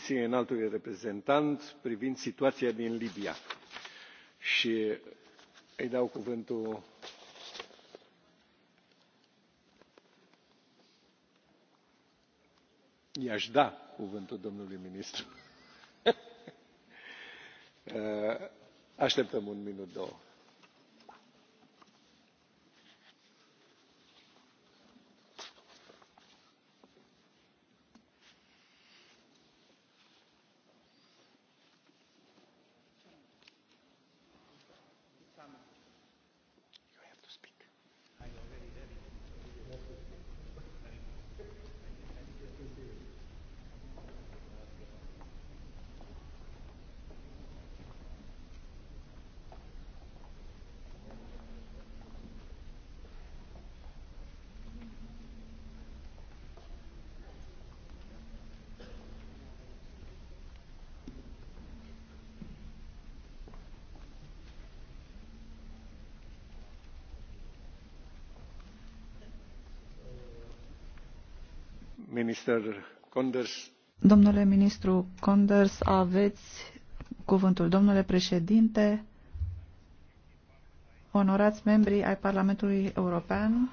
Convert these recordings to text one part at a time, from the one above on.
comisiei înaltului reprezentant privind situația din libia și îi dau cuvântul i aș da cuvântul domnului ministru. așteptăm un minut două. Domnule ministru Conders, aveți cuvântul. Domnule președinte, onorați membri ai Parlamentului European,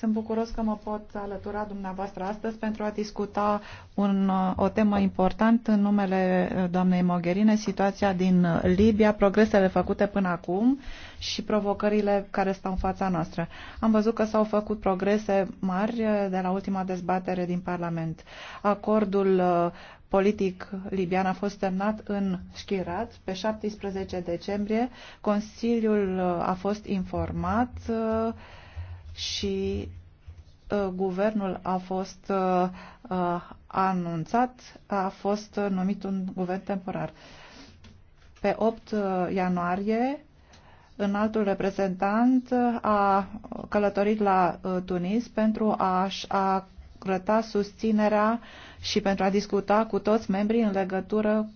sunt bucuros că mă pot alătura dumneavoastră astăzi pentru a discuta un, o temă importantă în numele uh, doamnei Mogherine, situația din uh, Libia, progresele făcute până acum și provocările care stau în fața noastră. Am văzut că s-au făcut progrese mari uh, de la ultima dezbatere din Parlament. Acordul politic libian a fost semnat în Schirat pe 17 decembrie. Consiliul a fost informat și uh, guvernul a fost uh, uh, anunțat, a fost numit un guvern temporar. Pe 8 ianuarie, altul reprezentant a călătorit la Tunis pentru a-și arăta susținerea și pentru a discuta cu toți membrii în legătură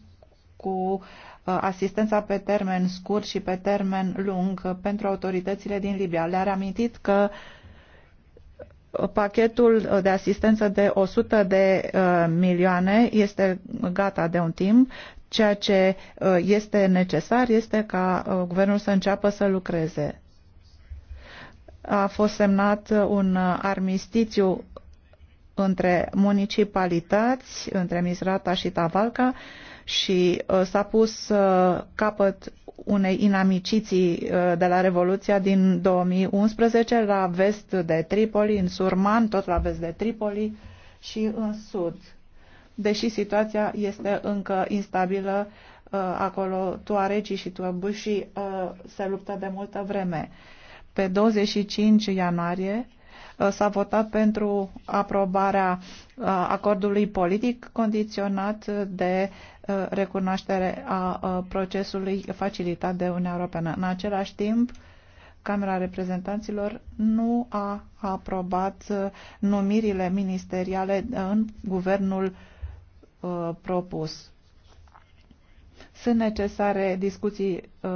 cu uh, Uh, asistența pe termen scurt și pe termen lung uh, pentru autoritățile din Libia. Le-a reamintit că uh, pachetul de asistență de 100 de milioane este gata de un timp. Ceea ce este necesar este ca guvernul să înceapă să lucreze. A fost semnat un armistițiu între municipalități, între Misrata și Tavalca, și uh, s-a pus uh, capăt unei inamiciții uh, de la Revoluția din 2011 la vest de Tripoli, în Surman, tot la vest de Tripoli și în sud. Deși situația este încă instabilă, acolo tuarecii și tuăbușii se luptă de multă vreme. Pe 25 ianuarie s-a votat pentru aprobarea acordului politic condiționat de uh, Uh, recunoaștere a uh, procesului facilitat de Uniunea Europeană. În același timp, Camera Reprezentanților nu a aprobat uh, numirile ministeriale în guvernul propus. Sunt necesare discuții uh,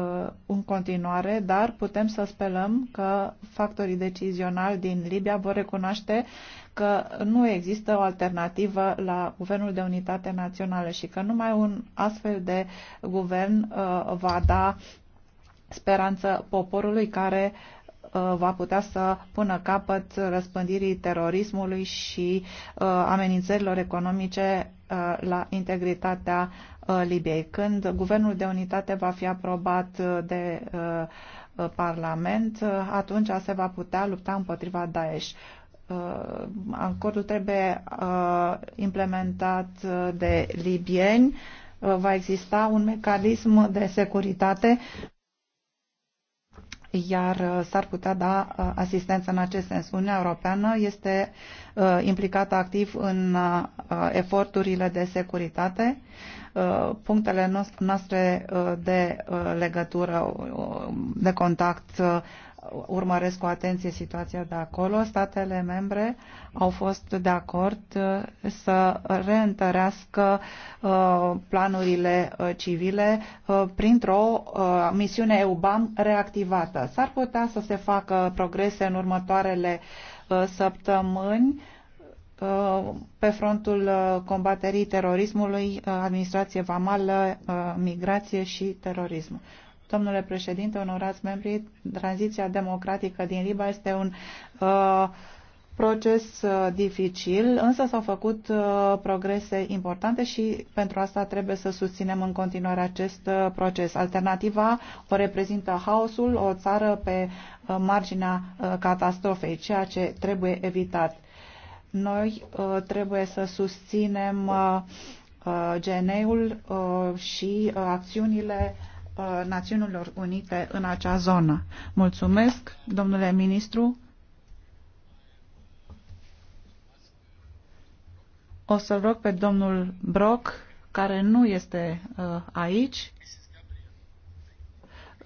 în continuare, dar putem să spelăm că factorii decizionali din Libia vor recunoaște că nu există o alternativă la Guvernul de Unitate Națională și că numai un astfel de guvern uh, va da speranță poporului care uh, va putea să pună capăt răspândirii terorismului și uh, amenințărilor economice uh, la integritatea Uh, Libiei. Când guvernul de unitate va fi aprobat uh, de uh, Parlament, atunci se va putea lupta împotriva Daesh. Acordul trebuie implementat de libieni. Va exista un mecanism de securitate iar s-ar putea da asistență în acest sens. Uniunea Europeană este implicată activ în eforturile de securitate Uh, punctele noastre uh, de uh, legătură, de contact, urmăresc cu atenție situația de acolo. Statele membre au fost de acord să reîntărească planurile civile printr-o misiune EUBAM reactivată. S-ar putea să se facă progrese în următoarele săptămâni pe frontul uh, combaterii terorismului, uh, administrație vamală, uh, migrație și terorism. Domnule președinte, onorați membrii, tranziția democratică din Liba este un uh, proces uh, dificil, însă s-au făcut uh, progrese importante și pentru asta trebuie să susținem în continuare acest uh, proces. Alternativa o reprezintă haosul, o țară pe uh, marginea uh, catastrofei, ceea ce trebuie evitat noi uh, trebuie să susținem uh, uh, GNE-ul și acțiunile Națiunilor Unite în acea zonă. Mulțumesc, domnule ministru. O să rog pe domnul Brock, care nu este uh, aici.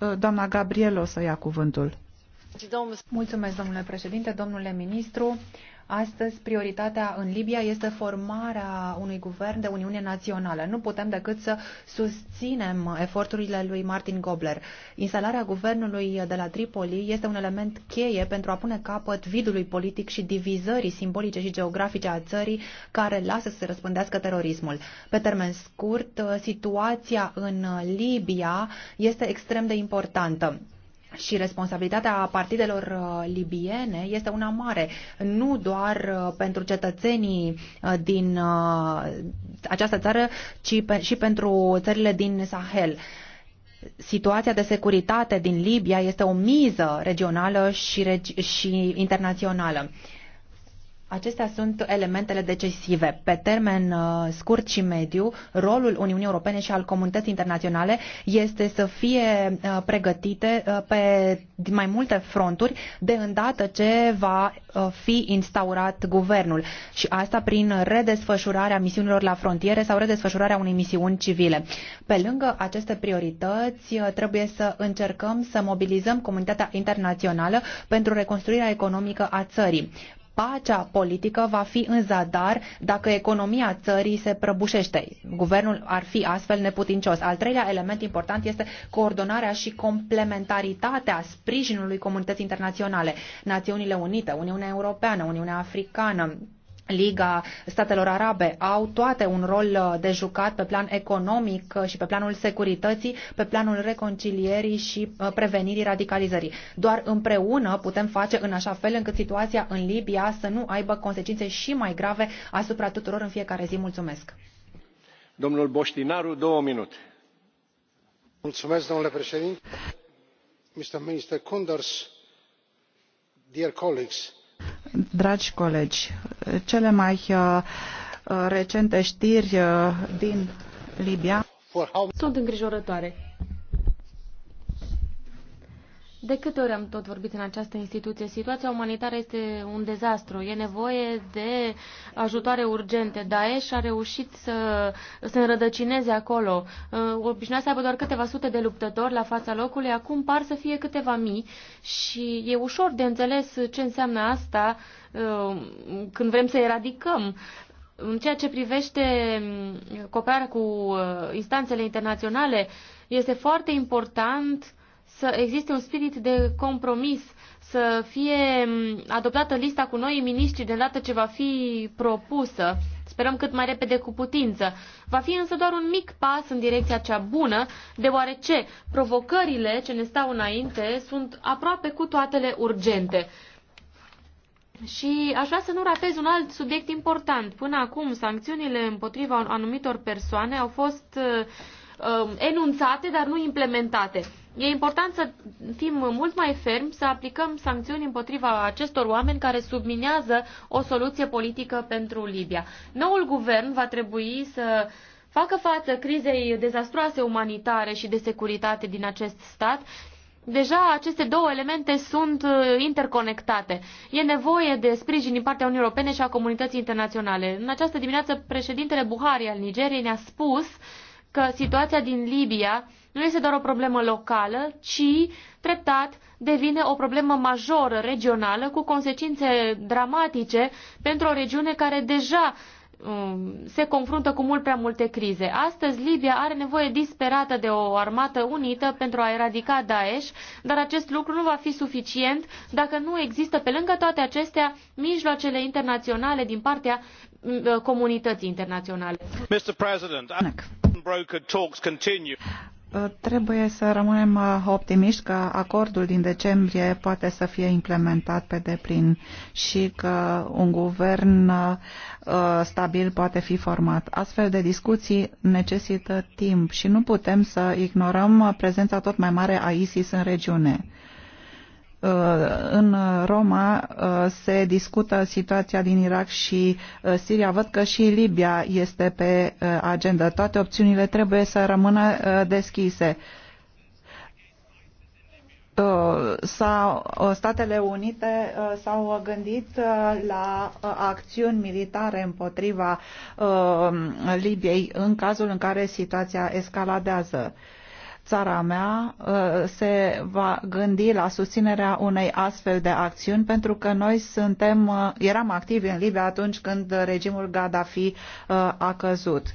Uh, doamna Gabriel o să ia cuvântul. Mulțumesc, domnule președinte, domnule ministru. Astăzi, prioritatea în Libia este formarea unui guvern de Uniune Națională. Nu putem decât să susținem eforturile lui Martin Gobler. Instalarea guvernului de la Tripoli este un element cheie pentru a pune capăt vidului politic și divizării simbolice și geografice a țării care lasă să se răspândească terorismul. Pe termen scurt, situația în Libia este extrem de importantă și responsabilitatea partidelor uh, libiene este una mare, nu doar uh, pentru cetățenii uh, din această țară, ci și pentru țările din Sahel. Situația de securitate din Libia este o miză regională și, regi- și internațională. Acestea sunt elementele decisive. Pe termen uh, scurt și mediu, rolul Uniunii Europene și al comunității internaționale este să fie uh, pregătite uh, pe mai multe fronturi de îndată ce va fi instaurat guvernul și asta prin redesfășurarea misiunilor la frontiere sau redesfășurarea unei misiuni civile. Pe lângă aceste priorități, trebuie să încercăm să mobilizăm comunitatea internațională pentru reconstruirea economică a țării pacea politică va fi în zadar dacă economia țării se prăbușește. Guvernul ar fi astfel neputincios. Al treilea element important este coordonarea și complementaritatea sprijinului comunității internaționale, Națiunile Unite, Uniunea Europeană, Uniunea Africană, Liga Statelor Arabe au toate un rol uh, de jucat pe plan economic uh, și pe planul securității, pe planul reconcilierii și uh, prevenirii radicalizării. Doar împreună putem face în așa fel încât situația în Libia să nu aibă consecințe și mai grave asupra tuturor în fiecare zi. Mulțumesc! Domnul Boștinaru, două minute. Mulțumesc, domnule președinte. Mr. Minister Kunders, dear colleagues, Dragi colegi, cele mai uh, uh, recente știri uh, din Libia sunt îngrijorătoare. De câte ori am tot vorbit în această instituție, situația umanitară este un dezastru. E nevoie de ajutoare urgente. Daesh a reușit să se înrădăcineze acolo. Uh, obișnuia să aibă doar câteva sute de luptători la fața locului, acum par să fie câteva mii și e ușor de înțeles ce înseamnă asta uh, când vrem să eradicăm în ceea ce privește um, cooperarea cu uh, instanțele internaționale, este foarte important să existe un spirit de compromis, să fie mm, adoptată lista cu noi miniștri de dată ce va fi propusă. Sperăm cât mai repede cu putință. Va fi însă doar un mic pas în direcția cea bună, deoarece provocările ce ne stau înainte sunt aproape cu toatele urgente. Și aș vrea să nu ratez un alt subiect important. Până acum, sancțiunile împotriva anumitor persoane au fost uh, Um, enunțate, dar nu implementate. E important să fim mult mai fermi, să aplicăm sancțiuni împotriva acestor oameni care subminează o soluție politică pentru Libia. Noul guvern va trebui să facă față crizei dezastroase umanitare și de securitate din acest stat Deja aceste două elemente sunt uh, interconectate. E nevoie de sprijin din partea Uniunii Europene și a comunității internaționale. În această dimineață, președintele Buhari al Nigeriei ne-a spus uh, că situația din Libia nu este doar o problemă locală, ci treptat devine o problemă majoră regională cu consecințe dramatice pentru o regiune care deja um, se confruntă cu mult prea multe crize. Astăzi, Libia are nevoie disperată de o armată unită pentru a eradica Daesh, dar acest lucru nu va fi suficient dacă nu există, pe lângă toate acestea, mijloacele internaționale din partea uh, comunității internaționale. Mr. President, I... Uh, trebuie să rămânem uh, optimiști că acordul din decembrie poate să fie implementat pe deplin și că un guvern uh, stabil poate fi format. Astfel de discuții necesită timp și nu putem să ignorăm prezența tot mai mare a ISIS în regiune Uh, în Roma uh, se discută situația din Irak și uh, Siria. Văd că și Libia este pe agenda. Toate opțiunile trebuie să rămână deschise sau Statele Unite s-au gândit la acțiuni militare împotriva Libiei în cazul în care situația escaladează țara mea uh, se va gândi la susținerea unei astfel de acțiuni pentru că noi suntem, uh, eram activi în Libia atunci când regimul Gaddafi uh, a căzut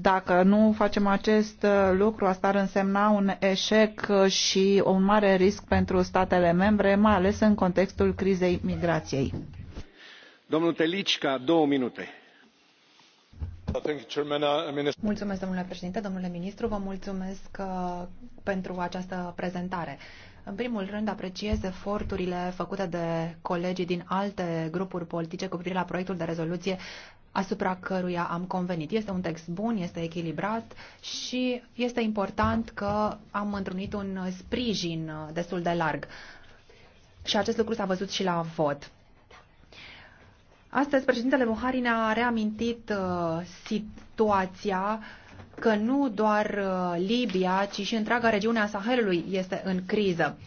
dacă nu facem acest lucru, asta ar însemna un eșec și un mare risc pentru statele membre, mai ales în contextul crizei migrației. Domnul Telicca, două minute Mulțumesc, domnule președinte, domnule ministru, vă mulțumesc uh, pentru această prezentare. În primul rând, apreciez eforturile făcute de colegii din alte grupuri politice cu privire la proiectul de rezoluție asupra căruia am convenit. Este un text bun, este echilibrat și este important că am întrunit un sprijin uh, destul de larg. Și acest lucru s-a văzut și la vot. Astăzi, președintele Buhari ne-a reamintit uh, situația că nu doar uh, Libia, ci și întreaga regiune a Sahelului este în criză.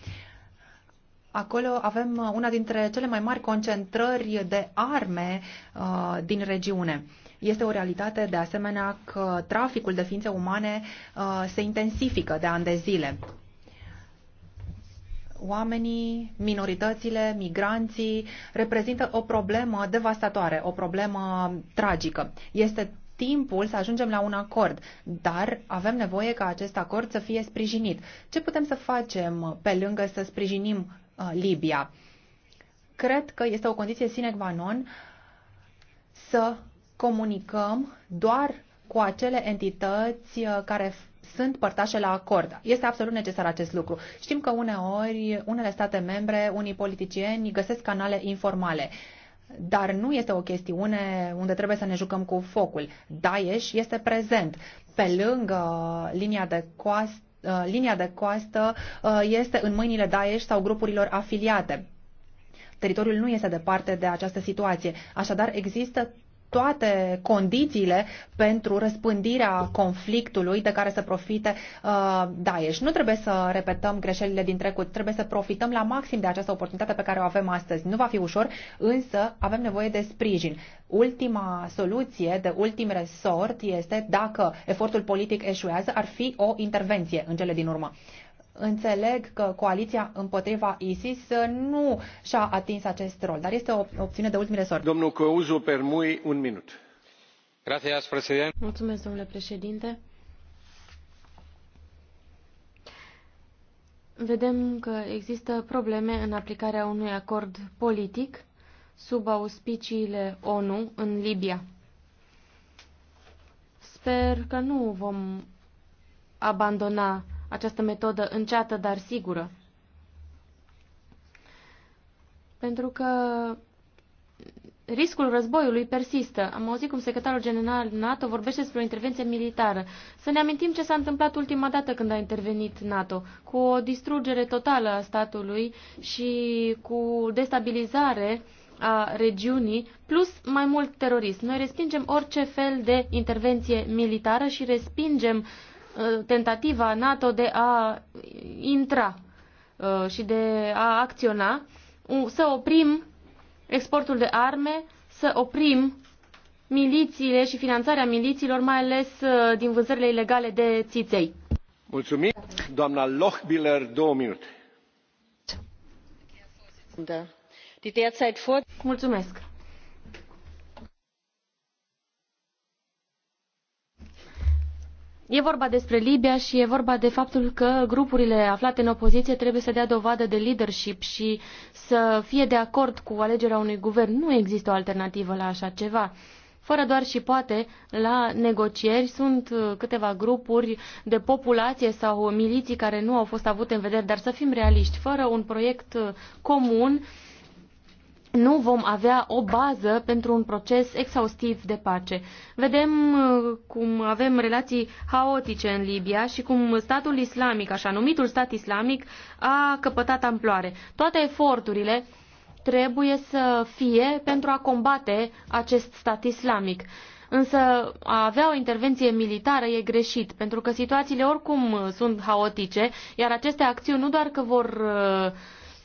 Acolo avem uh, una dintre cele mai mari concentrări de arme uh, din regiune. Este o realitate, de asemenea, că traficul de ființe umane uh, se intensifică de ani de zile oamenii, minoritățile, migranții reprezintă o problemă devastatoare, o problemă tragică. Este timpul să ajungem la un acord, dar avem nevoie ca acest acord să fie sprijinit. Ce putem să facem pe lângă să sprijinim uh, Libia? Cred că este o condiție sine qua non să comunicăm doar cu acele entități uh, care sunt părtașe la acord. Este absolut necesar acest lucru. Știm că uneori unele state membre, unii politicieni găsesc canale informale. Dar nu este o chestiune unde trebuie să ne jucăm cu focul. Daesh este prezent. Pe lângă linia de coastă, uh, linia de coastă uh, este în mâinile Daesh sau grupurilor afiliate. Teritoriul nu este departe de această situație. Așadar, există toate condițiile pentru răspândirea conflictului de care să profite uh, Daesh. Nu trebuie să repetăm greșelile din trecut, trebuie să profităm la maxim de această oportunitate pe care o avem astăzi. Nu va fi ușor, însă avem nevoie de sprijin. Ultima soluție, de ultim resort, este dacă efortul politic eșuează, ar fi o intervenție în cele din urmă. Înțeleg că coaliția împotriva ISIS uh, nu și-a atins acest rol, dar este o opțiune de ultim resort. Domnul Căuzu Permui, un minut. Gracias, președinte. Mulțumesc, domnule președinte. Vedem că există probleme în aplicarea unui acord politic sub auspiciile ONU în Libia. Sper că nu vom abandona această metodă înceată, dar sigură. Pentru că riscul războiului persistă. Am auzit cum secretarul general NATO vorbește despre o intervenție militară. Să ne amintim ce s-a întâmplat ultima dată când a intervenit NATO, cu o distrugere totală a statului și cu destabilizare a regiunii, plus mai mult terorism. Noi respingem orice fel de intervenție militară și respingem uh, Uh, tentativa NATO de a intra uh, și de a acționa, să oprim exportul de arme, să oprim milițiile și finanțarea milițiilor, mai ales uh, din vânzările ilegale de țiței. Mulțumim. Doamna Lochbiller, două minute. Da. Mulțumesc E vorba despre Libia și e vorba de faptul că grupurile aflate în opoziție trebuie să dea dovadă de leadership și să fie de acord cu alegerea unui guvern. Nu există o alternativă la așa ceva. Fără doar și poate, la negocieri sunt uh, câteva grupuri de populație sau miliții care nu au fost avute în vedere, dar să fim realiști, fără un proiect uh, comun, uh, nu vom avea o bază pentru un proces exhaustiv de pace. Vedem uh, cum avem relații haotice în Libia și cum statul islamic, așa numitul stat islamic, a căpătat amploare. Toate eforturile trebuie să fie pentru a combate acest stat islamic. Însă a avea o intervenție militară e greșit, pentru că situațiile oricum sunt haotice, iar aceste acțiuni nu doar că vor uh,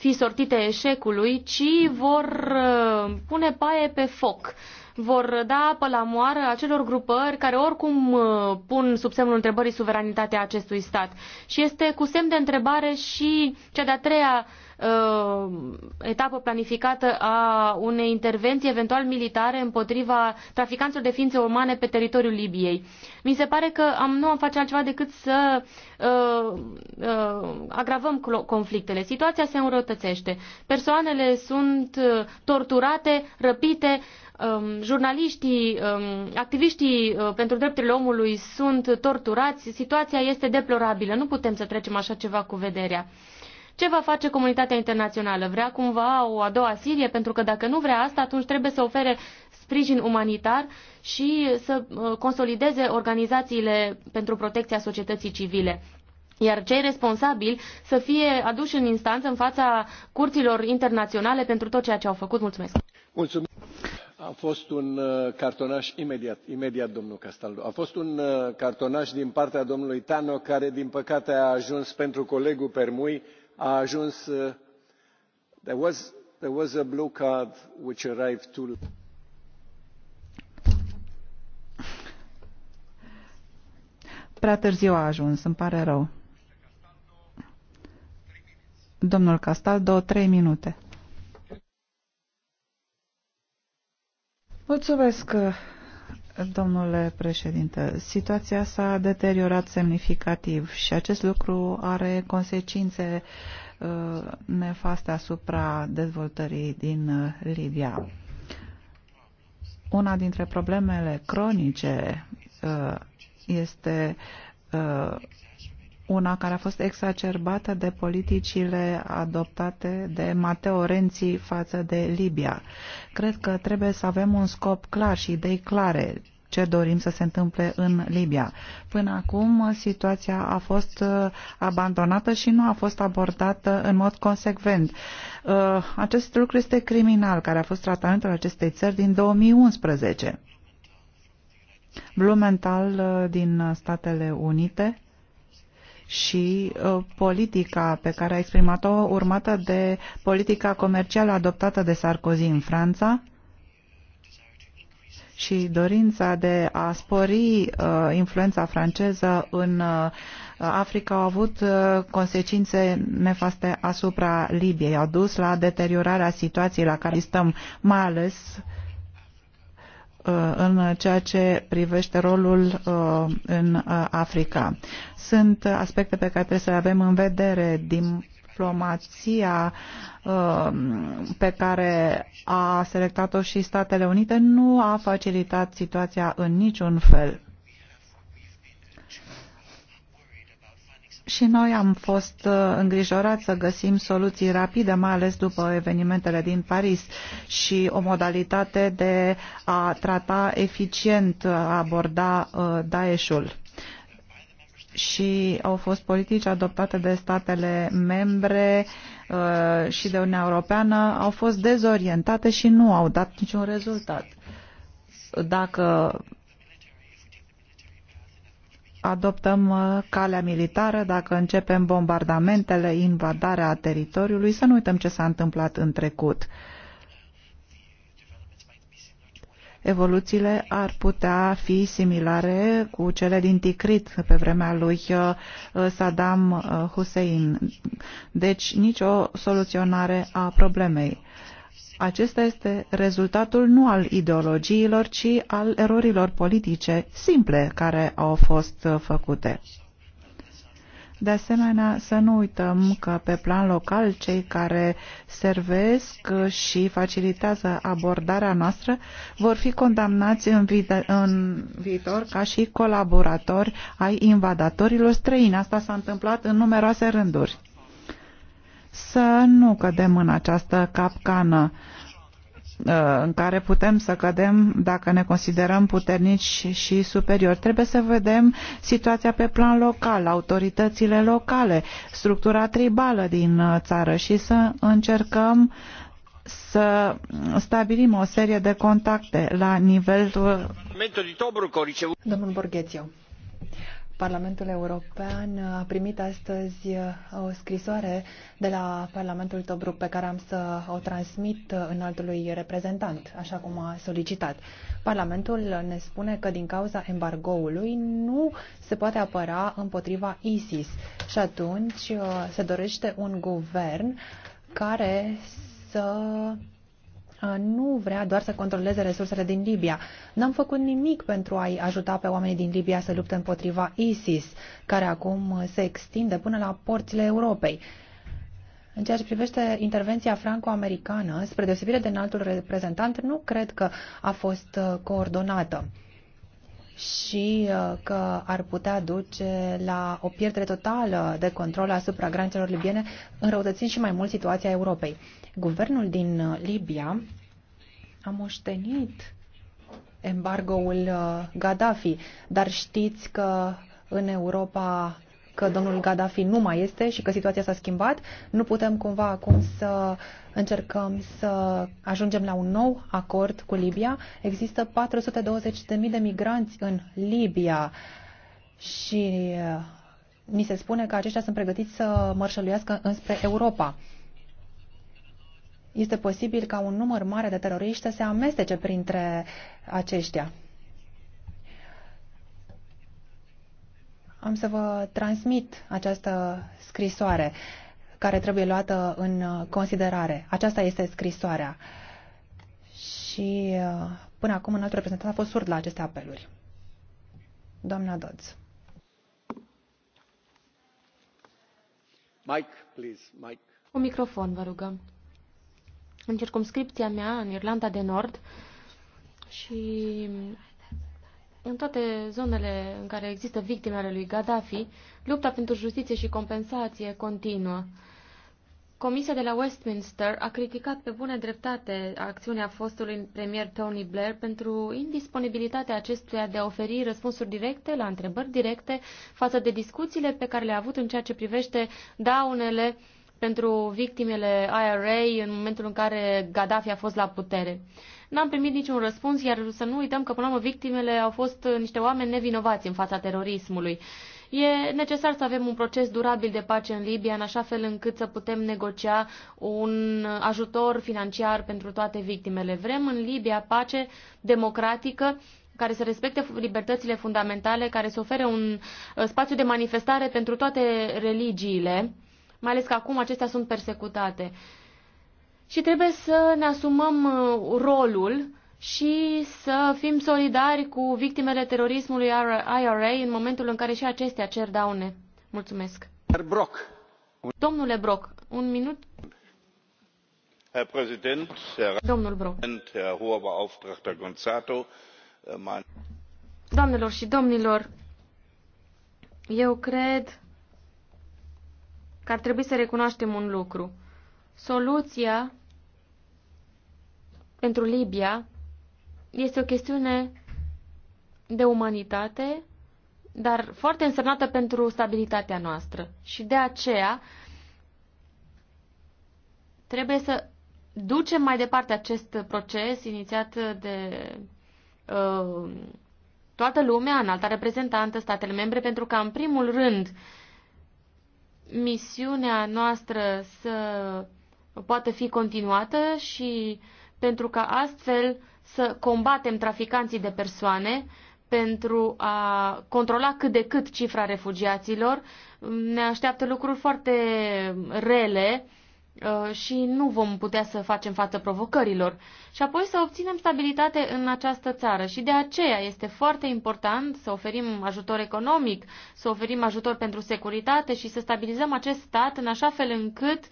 fi sortite eșecului, ci vor uh, pune paie pe foc vor da apă la moară acelor grupări care oricum uh, pun sub semnul întrebării suveranitatea acestui stat. Și este cu semn de întrebare și cea de-a treia uh, etapă planificată a unei intervenții eventual militare împotriva traficanților de ființe umane pe teritoriul Libiei. Mi se pare că am, nu am face altceva decât să uh, uh, agravăm conflictele. Situația se înrătățește. Persoanele sunt uh, torturate, răpite, um, jurnaliștii, um, activiștii uh, pentru drepturile omului sunt torturați, situația este deplorabilă. Nu putem să trecem așa ceva cu vederea. Ce va face comunitatea internațională? Vrea cumva o a doua Sirie? Pentru că dacă nu vrea asta, atunci trebuie să ofere sprijin umanitar și să uh, consolideze organizațiile pentru protecția societății civile iar cei responsabili să fie aduși în instanță în fața curților internaționale pentru tot ceea ce au făcut. Mulțumesc! Mulțumesc! A fost un uh, cartonaș imediat, imediat, domnul Castaldo. A fost un uh, cartonaș din partea domnului Tano, care, din păcate, a ajuns pentru colegul Permui a ajuns uh, there was there was a blue card which arrived too Prea târziu a ajuns, îmi pare rău. Domnul Castaldo, trei minute. Mulțumesc, Domnule președinte, situația s-a deteriorat semnificativ și acest lucru are consecințe uh, nefaste asupra dezvoltării din uh, Libia. Una dintre problemele cronice uh, este una care a fost exacerbată de politicile adoptate de Matteo Renzi față de Libia. Cred că trebuie să avem un scop clar și idei clare ce dorim să se întâmple în Libia. Până acum, situația a fost uh, abandonată și nu a fost abordată în mod consecvent. Uh, acest lucru este criminal, care a fost tratamentul acestei țări din 2011. Blumenthal uh, din Statele Unite și uh, politica pe care a exprimat-o, urmată de politica comercială adoptată de Sarkozy în Franța și dorința de a spori uh, influența franceză în uh, Africa au avut uh, consecințe nefaste asupra Libiei, au dus la deteriorarea situației la care stăm, mai ales uh, Uh, în ceea ce privește rolul uh, în uh, Africa. Sunt aspecte pe care trebuie să le avem în vedere din diplomația pe care a selectat-o și Statele Unite nu a facilitat situația în niciun fel. Și noi am fost uh, îngrijorați să găsim soluții rapide, mai ales după evenimentele din Paris și o modalitate de a trata eficient, uh, a aborda uh, Daeshul. Și au fost politici adoptate de statele membre și de Uniunea Europeană, au fost dezorientate și nu au dat niciun rezultat. Dacă adoptăm uh, calea militară, dacă începem bombardamentele, invadarea teritoriului, să nu uităm ce s-a întâmplat în trecut. Evoluțiile ar putea fi similare cu cele din Tikrit pe vremea lui uh, Saddam uh, Hussein. Deci nicio soluționare a problemei acesta este rezultatul nu al ideologiilor, ci al erorilor politice simple care au fost făcute. De asemenea, să nu uităm că pe plan local cei care servesc și facilitează abordarea noastră vor fi condamnați în, vi- în viitor ca și colaboratori ai invadatorilor străini. Asta s-a întâmplat în numeroase rânduri să nu cădem în această capcană uh, în care putem să cădem dacă ne considerăm puternici și superiori. Trebuie să vedem situația pe plan local, autoritățile locale, structura tribală din uh, țară și să încercăm să stabilim o serie de contacte la nivelul... Domnul Borghețiu, Parlamentul European a primit astăzi uh, o scrisoare de la Parlamentul Tobruk pe care am să o transmit uh, înaltului reprezentant, așa cum a solicitat. Parlamentul ne spune că din cauza embargoului nu se poate apăra împotriva ISIS și atunci uh, se dorește un guvern care să Uh, nu vrea doar să controleze resursele din Libia. N-am făcut nimic pentru a-i ajuta pe oamenii din Libia să lupte împotriva ISIS, care acum uh, se extinde până la porțile Europei. În ceea ce privește intervenția franco-americană, spre deosebire de înaltul reprezentant, nu cred că a fost uh, coordonată și uh, că ar putea duce la o pierdere totală de control asupra granițelor libiene, înrăutățind și mai mult situația Europei. Guvernul din uh, Libia a moștenit embargoul uh, Gaddafi, dar știți că în Europa că domnul Gaddafi nu mai este și că situația s-a schimbat, nu putem cumva acum să încercăm să ajungem la un nou acord cu Libia. Există 420.000 de migranți în Libia și uh, ni se spune că aceștia sunt pregătiți să mărșăluiască înspre Europa. Este posibil ca un număr mare de teroriști să se amestece printre aceștia. Am să vă transmit această scrisoare care trebuie luată în considerare. Aceasta este scrisoarea. Și uh, până acum un alt reprezentant a fost surd la aceste apeluri. Doamna Dodds. Mike, please, Mike. Un microfon, vă rugăm. În circumscripția mea, în Irlanda de Nord, și în toate zonele în care există victime ale lui Gaddafi, lupta pentru justiție și compensație continuă. Comisia de la Westminster a criticat pe bune dreptate acțiunea fostului premier Tony Blair pentru indisponibilitatea acestuia de a oferi răspunsuri directe la întrebări directe față de discuțiile pe care le-a avut în ceea ce privește daunele pentru victimele IRA în momentul în care Gaddafi a fost la putere. N-am primit niciun răspuns, iar să nu uităm că, până la urmă, victimele au fost niște oameni nevinovați în fața terorismului. E necesar să avem un proces durabil de pace în Libia, în așa fel încât să putem negocia un ajutor financiar pentru toate victimele. Vrem în Libia pace democratică care să respecte libertățile fundamentale, care să ofere un uh, spațiu de manifestare pentru toate religiile, mai ales că acum acestea sunt persecutate și trebuie să ne asumăm uh, rolul și să fim solidari cu victimele terorismului IRA în momentul în care și acestea cer daune. Mulțumesc. Brock. Domnule Brock, un minut. Herr Domnul Brock. Herr hoher Beauftragter Gonzato, äh, Doamnelor și domnilor, eu cred că ar trebui să recunoaștem un lucru soluția pentru Libia este o chestiune de umanitate, dar foarte însemnată pentru stabilitatea noastră. Și de aceea trebuie să ducem mai departe acest proces inițiat de uh, toată lumea, înalta reprezentantă, statele membre, pentru ca, în primul rând, misiunea noastră să poată fi continuată și pentru ca astfel să combatem traficanții de persoane, pentru a controla cât de cât cifra refugiaților. Ne așteaptă lucruri foarte rele uh, și nu vom putea să facem față provocărilor. Și apoi să obținem stabilitate în această țară. Și de aceea este foarte important să oferim ajutor economic, să oferim ajutor pentru securitate și să stabilizăm acest stat în așa fel încât uh,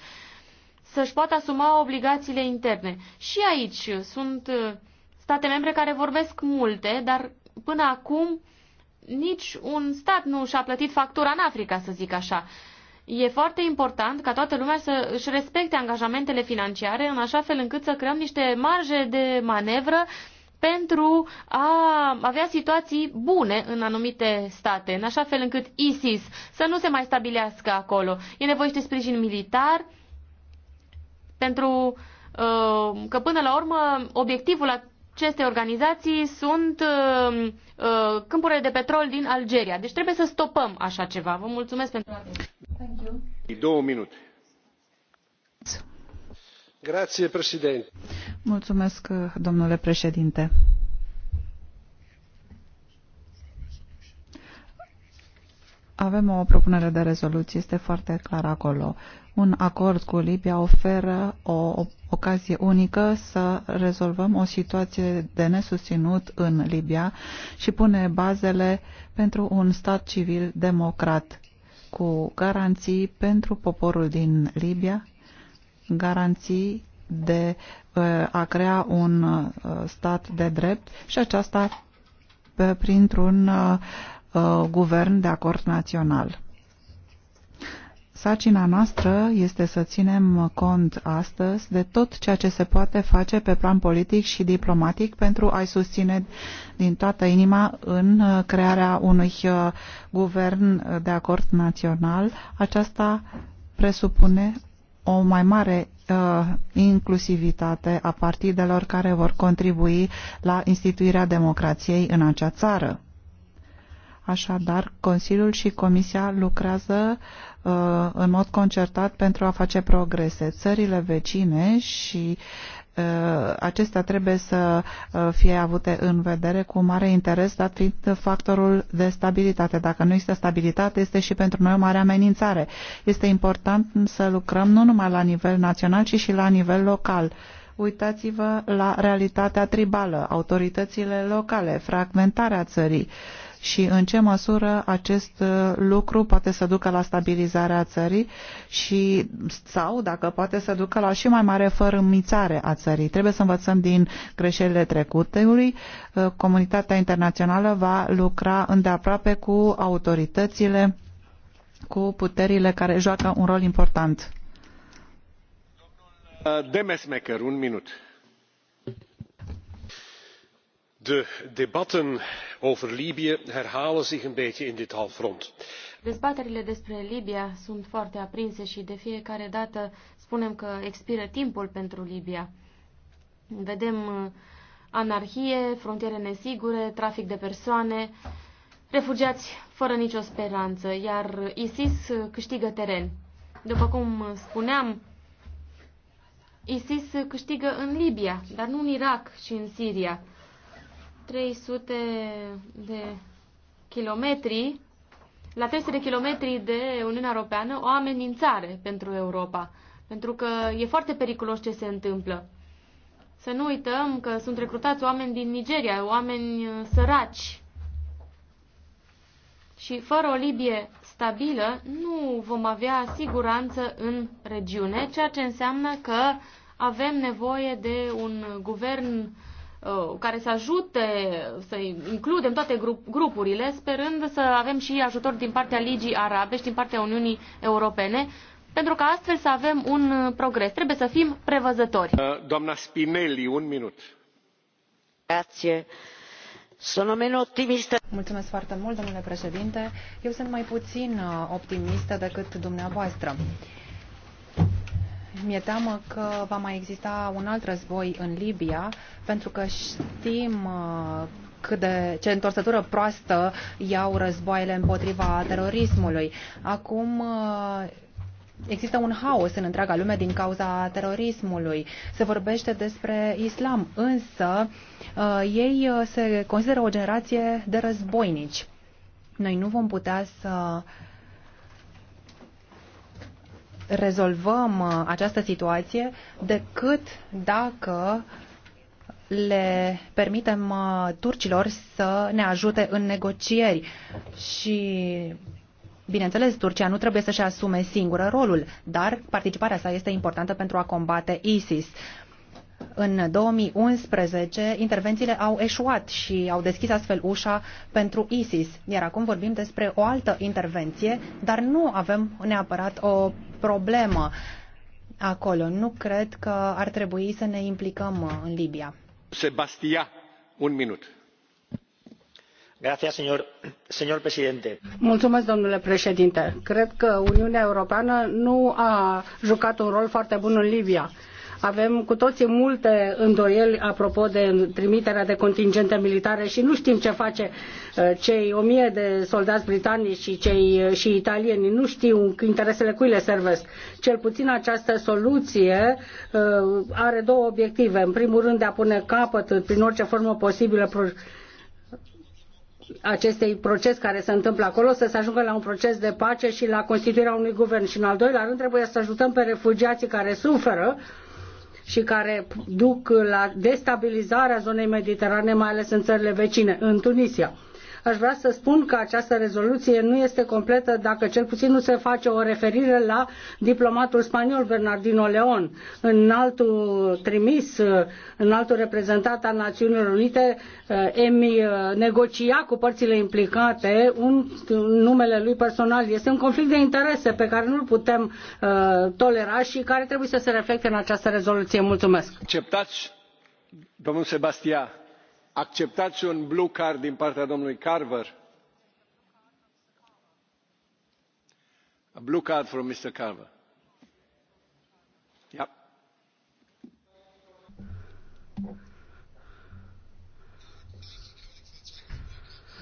să-și poată asuma obligațiile interne. Și aici sunt uh, state membre care vorbesc multe, dar până acum nici un stat nu și-a plătit factura în Africa, să zic așa. E foarte important ca toată lumea să își respecte angajamentele financiare în așa fel încât să creăm niște marje de manevră pentru a avea situații bune în anumite state, în așa fel încât ISIS să nu se mai stabilească acolo. E nevoie de sprijin militar, pentru uh, că până la urmă obiectivul acestei organizații sunt uh, uh, câmpurile de petrol din Algeria. Deci trebuie să stopăm așa ceva. Vă mulțumesc pentru atenție. Două minute. Grație, președinte. Mulțumesc, domnule președinte. Avem o propunere de rezoluție, este foarte clar acolo. Un acord cu Libia oferă o ocazie unică să rezolvăm o situație de nesusținut în Libia și pune bazele pentru un stat civil democrat cu garanții pentru poporul din Libia, garanții de uh, a crea un uh, stat de drept și aceasta uh, printr-un guvern de acord național. Sarcina noastră este să ținem cont astăzi de tot ceea ce se poate face pe plan politic și diplomatic pentru a-i susține din toată inima în crearea unui uh, guvern de acord național. Aceasta presupune o mai mare uh, inclusivitate a partidelor care vor contribui la instituirea democrației în acea țară. Așadar, Consiliul și Comisia lucrează uh, în mod concertat pentru a face progrese. Țările vecine și uh, acestea trebuie să uh, fie avute în vedere cu mare interes, dat fiind factorul de stabilitate. Dacă nu este stabilitate, este și pentru noi o mare amenințare. Este important să lucrăm nu numai la nivel național, ci și la nivel local. Uitați-vă la realitatea tribală, autoritățile locale, fragmentarea țării. Uh, și în ce măsură acest uh, lucru poate să ducă la stabilizarea țării și, sau dacă poate să ducă la și mai mare fărâmițare a țării. Trebuie să învățăm din greșelile trecutului. Uh, comunitatea internațională va lucra îndeaproape cu autoritățile, cu puterile care joacă un rol important. Uh, Demesmecăr, un minut de debatten over libië herhalen zich een beetje in dit halfrond. dezbaterile despre libia sunt foarte aprinse și de fiecare dată spunem că expiră timpul pentru libia. vedem uh, anarhie frontiere nesigure trafic de persoane refugiați fără nicio speranță iar isis uh, câștigă teren. după cum uh, spuneam isis câștigă în libia dar nu în irak și în siria. 300 de kilometri, la 300 de kilometri de Uniunea Europeană, o amenințare pentru Europa. Pentru că e foarte periculos ce se întâmplă. Să nu uităm că sunt recrutați oameni din Nigeria, oameni uh, săraci. Și fără o Libie stabilă, nu vom avea siguranță în regiune, ceea ce înseamnă că avem nevoie de un guvern uh, Uh, care să ajute să includem toate grup, grupurile, sperând să avem și ajutor din partea Ligii Arabe și din partea Uniunii Europene, pentru ca astfel să avem un uh, progres. Trebuie să fim prevăzători. Uh, doamna Spinelli, un minut. Grazie. Sono meno Mulțumesc foarte mult, domnule președinte. Eu sunt mai puțin optimistă decât dumneavoastră. Uh, mi-e teamă că va mai exista un alt război în Libia, pentru că știm uh, cât de, ce întorsătură proastă iau războaiele împotriva terorismului. Acum uh, Există un haos în întreaga lume din cauza terorismului. Se vorbește despre islam, însă uh, ei se consideră o generație de războinici. Noi nu vom putea să uh, rezolvăm uh, această situație decât dacă le permitem uh, turcilor să ne ajute în negocieri și Bineînțeles, Turcia nu trebuie să-și asume singură rolul, dar participarea sa este importantă pentru a combate ISIS. În 2011, intervențiile au eșuat și au deschis astfel ușa pentru ISIS. Iar acum vorbim despre o altă intervenție, dar nu avem neapărat o problemă acolo. Nu cred că ar trebui să ne implicăm uh, în Libia. Sebastia, un minut. Mulțumesc, domnule președinte cred că uniunea europeană nu a jucat un rol foarte bun în libia. Avem cu toții multe îndoieli apropo de trimiterea de contingente militare și nu știm ce face uh, cei o mie de soldați britanici și cei uh, și italieni. Nu știu interesele cui le servesc. Cel puțin această soluție uh, are două obiective. În primul rând de a pune capăt prin orice formă posibilă acestui proces care se întâmplă acolo, să se ajungă la un proces de pace și la constituirea unui guvern. Și în al doilea rând trebuie să ajutăm pe refugiații care suferă uh, și care duc la destabilizarea zonei mediterane, mai ales în țările vecine, în Tunisia. Aș vrea să spun că această rezoluție nu este completă dacă cel puțin nu se face o referire la diplomatul spaniol Bernardino León, în altul trimis, în altul reprezentat al Națiunilor Unite, eh, emi eh, negocia cu părțile implicate un, numele lui personal. Este un conflict de interese pe care nu-l putem uh, tolera și care trebuie să se reflecte în această rezoluție. Mulțumesc. Acceptați, domnul Sebastian acceptați un blue card din partea domnului carver? a blue card from mr carver. Yep.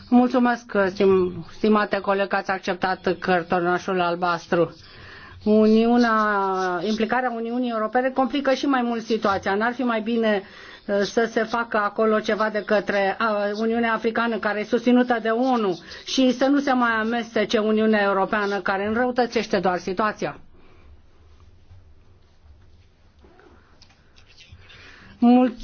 Mulțumesc, stim, stimate coleg, că ați acceptat cartonașul albastru. Uniunea, implicarea Uniunii Europene complică și mai mult situația. N-ar fi mai bine Eh, să se facă acolo ceva de către Uniunea Africană care e susținută de ONU și să nu se mai amestece Uniunea Europeană care înrăutățește doar situația.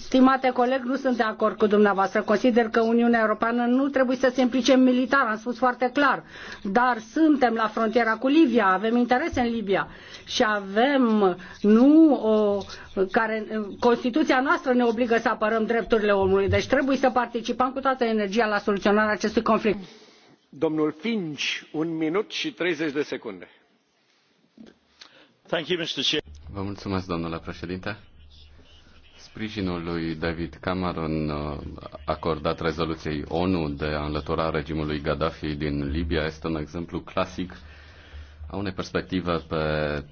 stimate coleg, nu sunt de acord cu dumneavoastră. Consider că Uniunea Europeană nu trebuie să se implice militar, am spus foarte clar. Dar suntem la frontiera cu Libia, avem interese în Libia și avem, nu o, care, Constituția noastră ne obligă să apărăm drepturile omului, deci trebuie să participăm cu toată energia la soluționarea acestui conflict. Domnul Finch, un minut și 30 de secunde. Vă mulțumesc, domnule președinte sprijinul lui David Cameron uh, acordat rezoluției ONU de a înlătura regimului Gaddafi din Libia este un exemplu clasic a unei perspective pe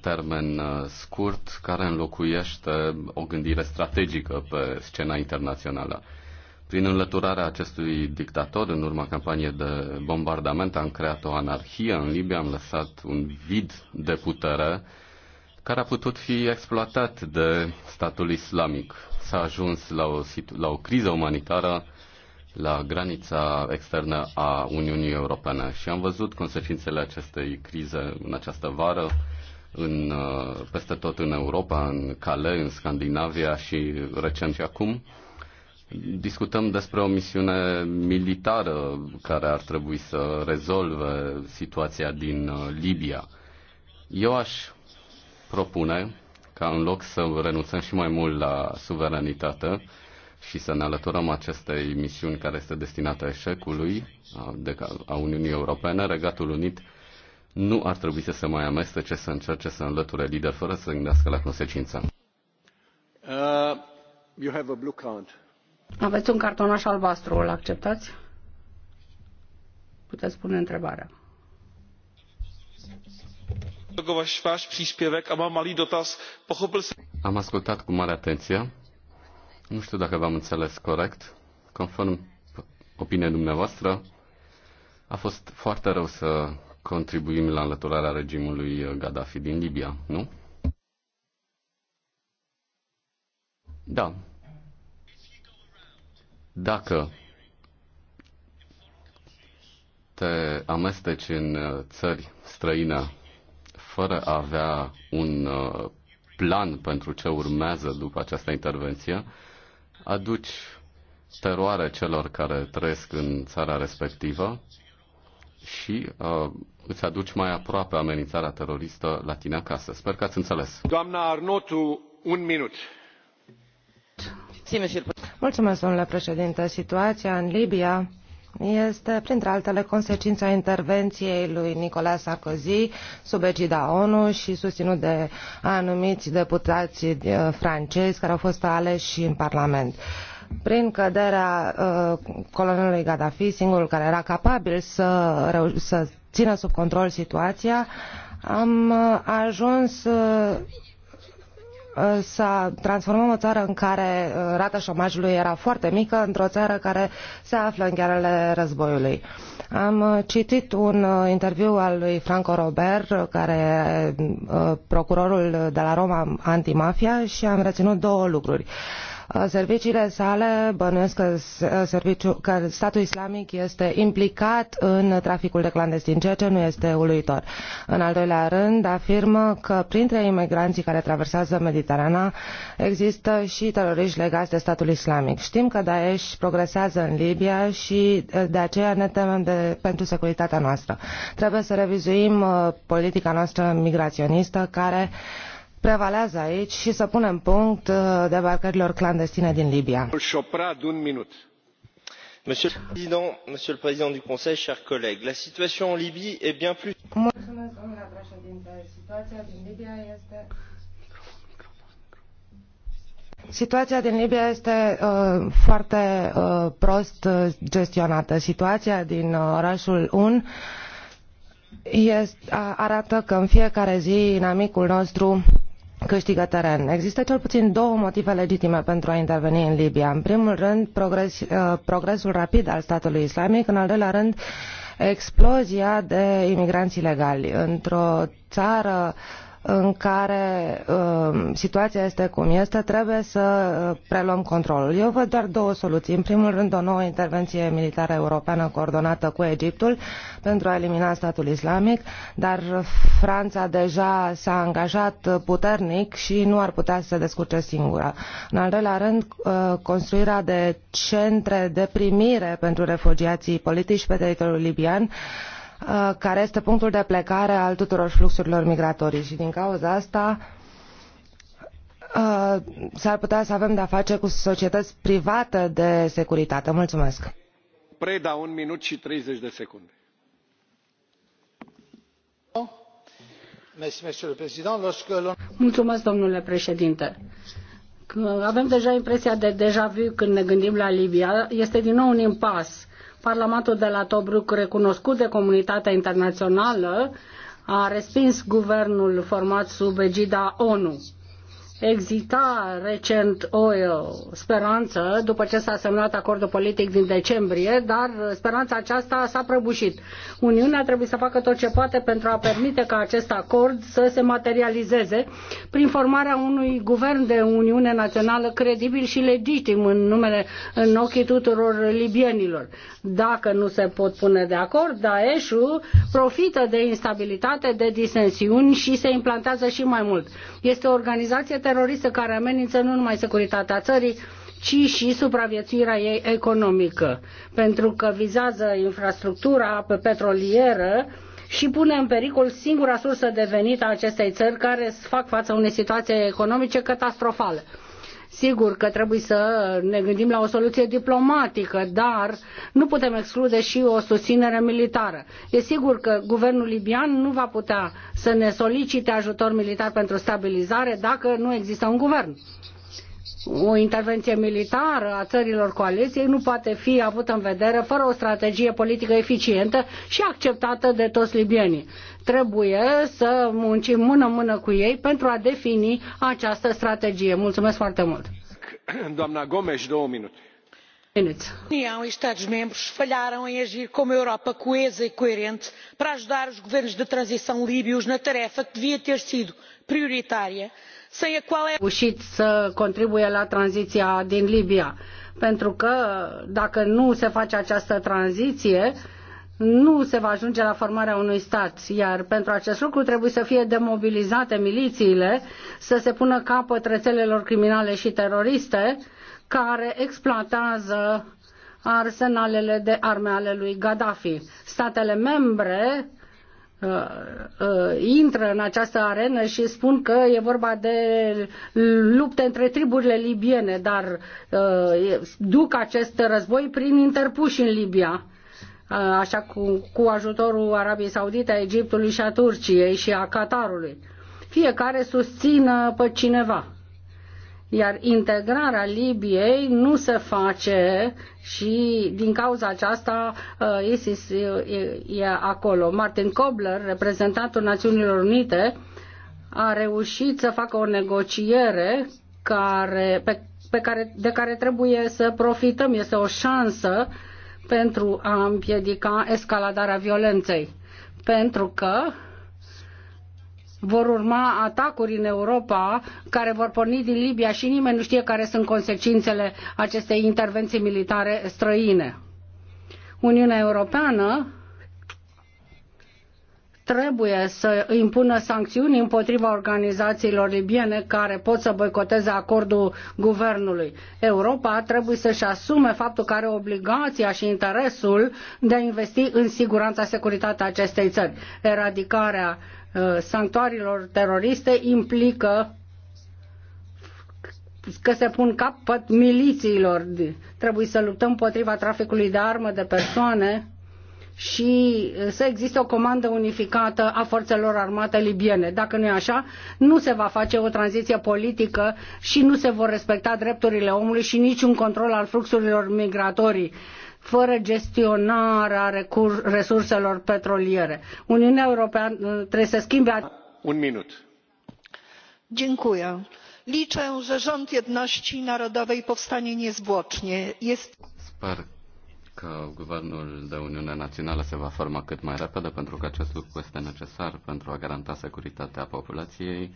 termen uh, scurt care înlocuiește o gândire strategică pe scena internațională. Prin înlăturarea acestui dictator, în urma campaniei de bombardament, am creat o anarhie în Libia, am lăsat un vid de putere care a putut fi exploatat de statul islamic s-a ajuns la o, la o criză umanitară la granița externă a Uniunii Europene și am văzut consecințele acestei crize în această vară în, uh, peste tot în Europa, în Calais, în Scandinavia și recent și acum. Discutăm despre o misiune militară care ar trebui să rezolve situația din uh, Libia. Eu aș propune ca în loc să renunțăm și mai mult la suveranitate și să ne alăturăm acestei misiuni care este destinată eșecului a Uniunii Europene, Regatul Unit nu ar trebui să se mai amestece, să încerce să înlăture lider fără să gândească la consecință. Uh, you have a blue card. Aveți un cartonaș albastru, îl acceptați? Puteți pune întrebarea. Am ascultat cu mare atenție. Nu știu dacă v-am înțeles corect. Conform opiniei dumneavoastră, a fost foarte rău să contribuim la înlăturarea regimului Gaddafi din Libia, nu? Da. Dacă te amesteci în țări străine fără a avea un uh, plan pentru ce urmează după această intervenție, aduci teroare celor care trăiesc în țara respectivă și uh, îți aduci mai aproape amenințarea teroristă la tine acasă. Sper că ați înțeles. Doamna Arnotu, un minut. Mulțumesc, domnule președinte. Situația în Libia este, printre altele, consecința intervenției lui Nicolae Sarkozy sub egida ONU și susținut de anumiți deputați eh, francezi care au fost aleși în Parlament prin căderea uh, colonelului Gaddafi, singurul care era capabil să, reu- să țină sub control situația, am uh, ajuns uh, Uh, să transformăm o țară în care uh, rata șomajului era foarte mică într-o țară care se află în ghearele războiului. Am uh, citit un interviu al lui Franco Robert, care e procurorul de la Roma antimafia și am reținut două lucruri. Serviciile sale bănuiesc că, serviciu, că statul islamic este implicat în traficul de clandestin, ceea ce nu este uluitor. În al doilea rând, afirmă că printre imigranții care traversează Mediterana există și teroriști legați de statul islamic. Știm că Daesh progresează în Libia și de aceea ne temem de, pentru securitatea noastră. Trebuie să revizuim politica noastră migraționistă care prevalează aici și să punem punct uh, debarcărilor clandestine din libia. monsieur le président monsieur le président du conseil chers collègues la situation en libye est bien plus. Mulțumesc, domnule președinte situația din libia este. Situația din Libia este uh, foarte uh, prost gestionată. Situația din orașul Un arată că în fiecare zi inamicul nostru câștigă teren. Există cel puțin două motive legitime pentru a interveni în Libia. În primul rând, progres, uh, progresul rapid al statului islamic, în al doilea rând, explozia de imigranți ilegali într-o țară în care uh, situația este cum este, trebuie să uh, preluăm controlul. Eu văd doar două soluții. În primul rând, o nouă intervenție militară europeană coordonată cu Egiptul pentru a elimina statul islamic, dar Franța deja s-a angajat puternic și nu ar putea să se descurce singură. În al doilea rând, uh, construirea de centre de primire pentru refugiații politici pe teritoriul libian, uh, Uh, care este punctul de plecare al tuturor fluxurilor migratorii și din cauza asta uh, s ar putea să avem de a face cu societăți private de securitate. Mulțumesc. Preda, un minut și 30 de secunde. Mulțumesc, domnule președinte avem deja impresia de deja vu când ne gândim la libia este din nou un impas Parlamentul de la Tobruk, recunoscut de comunitatea internațională, a respins guvernul format sub egida ONU exita recent o speranță după ce s-a semnat acordul politic din decembrie, dar speranța aceasta s-a prăbușit. Uniunea trebuie să facă tot ce poate pentru a permite ca acest acord să se materializeze prin formarea unui guvern de Uniune Națională credibil și legitim în numele în ochii tuturor libienilor. Dacă nu se pot pune de acord, Daesh-ul profită de instabilitate, de disensiuni și se implantează și mai mult. Este o organizație teroristă care amenință nu numai securitatea țării, ci și supraviețuirea ei economică, pentru că vizează infrastructura pe petrolieră și pune în pericol singura sursă de venit a acestei țări care fac față unei situații economice catastrofale. Sigur că trebuie să ne gândim la o soluție diplomatică, dar nu putem exclude și o susținere militară. E sigur că guvernul libian nu va putea să ne solicite ajutor militar pentru stabilizare dacă nu există un guvern o intervenție militară a țărilor coaliției nu poate fi avută în vedere fără o strategie politică eficientă și acceptată de toți libienii. Trebuie să muncim mână-mână cu ei pentru a defini această strategie. Mulțumesc foarte mult! Doamna Gomes, două minute. União e Estados-membros falharam em agir como Europa coesa e coerente para ajudar os governos de transição líbios na tarefa que devia ter sido prioritária reușit să contribuie la tranziția din Libia. Pentru că dacă nu se face această tranziție, nu se va ajunge la formarea unui stat, iar pentru acest lucru trebuie să fie demobilizate milițiile, să se pună capăt rețelelor criminale și teroriste care exploatează arsenalele de arme ale lui Gaddafi. Statele membre Uh, uh, intră în această arenă și spun că e vorba de lupte între triburile libiene, dar uh, duc acest război prin interpuși în Libia așa cu, cu ajutorul Arabiei Saudite, a Egiptului și a Turciei și a Qatarului. Fiecare susțină pe cineva. Iar integrarea Libiei nu se face și din cauza aceasta uh, ISIS uh, e acolo. Martin Kobler, reprezentantul Națiunilor Unite, a reușit să facă o negociere care, pe, pe care, de care trebuie să profităm. Este o șansă pentru a împiedica escaladarea violenței. Pentru că vor urma atacuri în Europa care vor porni din Libia și nimeni nu știe care sunt consecințele acestei intervenții militare străine. Uniunea Europeană trebuie să impună sancțiuni împotriva organizațiilor libiene care pot să boicoteze acordul guvernului. Europa trebuie să-și asume faptul că are obligația și interesul de a investi în siguranța, securitatea acestei țări. Eradicarea uh, sanctuarilor teroriste implică că se pun capăt milițiilor. Trebuie să luptăm împotriva traficului de armă de persoane și să existe o comandă unificată a forțelor armate libiene. Dacă nu e așa, nu se va face o tranziție politică și nu se vor respecta drepturile omului și niciun control al fluxurilor migratorii fără gestionarea resurselor petroliere. Uniunea Europeană trebuie să schimbe... Un minut. Dziękuję. Liczę, że rząd jedności narodowej powstanie niezwłocznie. Jest... Spark că Guvernul de Uniune Națională se va forma cât mai repede, pentru că acest lucru este necesar pentru a garanta securitatea populației,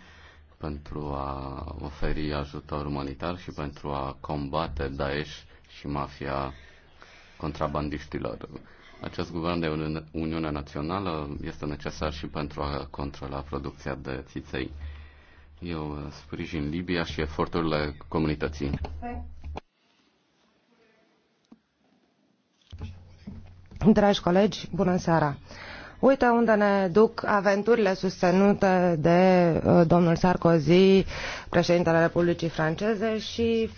pentru a oferi ajutor umanitar și pentru a combate Daesh și mafia contrabandiștilor. Acest guvern de Uniune, Națională este necesar și pentru a controla producția de țiței. Eu sprijin Libia și eforturile comunității. Dragi colegi, bună seara! Uite unde ne duc aventurile susținute de uh, domnul Sarkozy, președintele Republicii Franceze și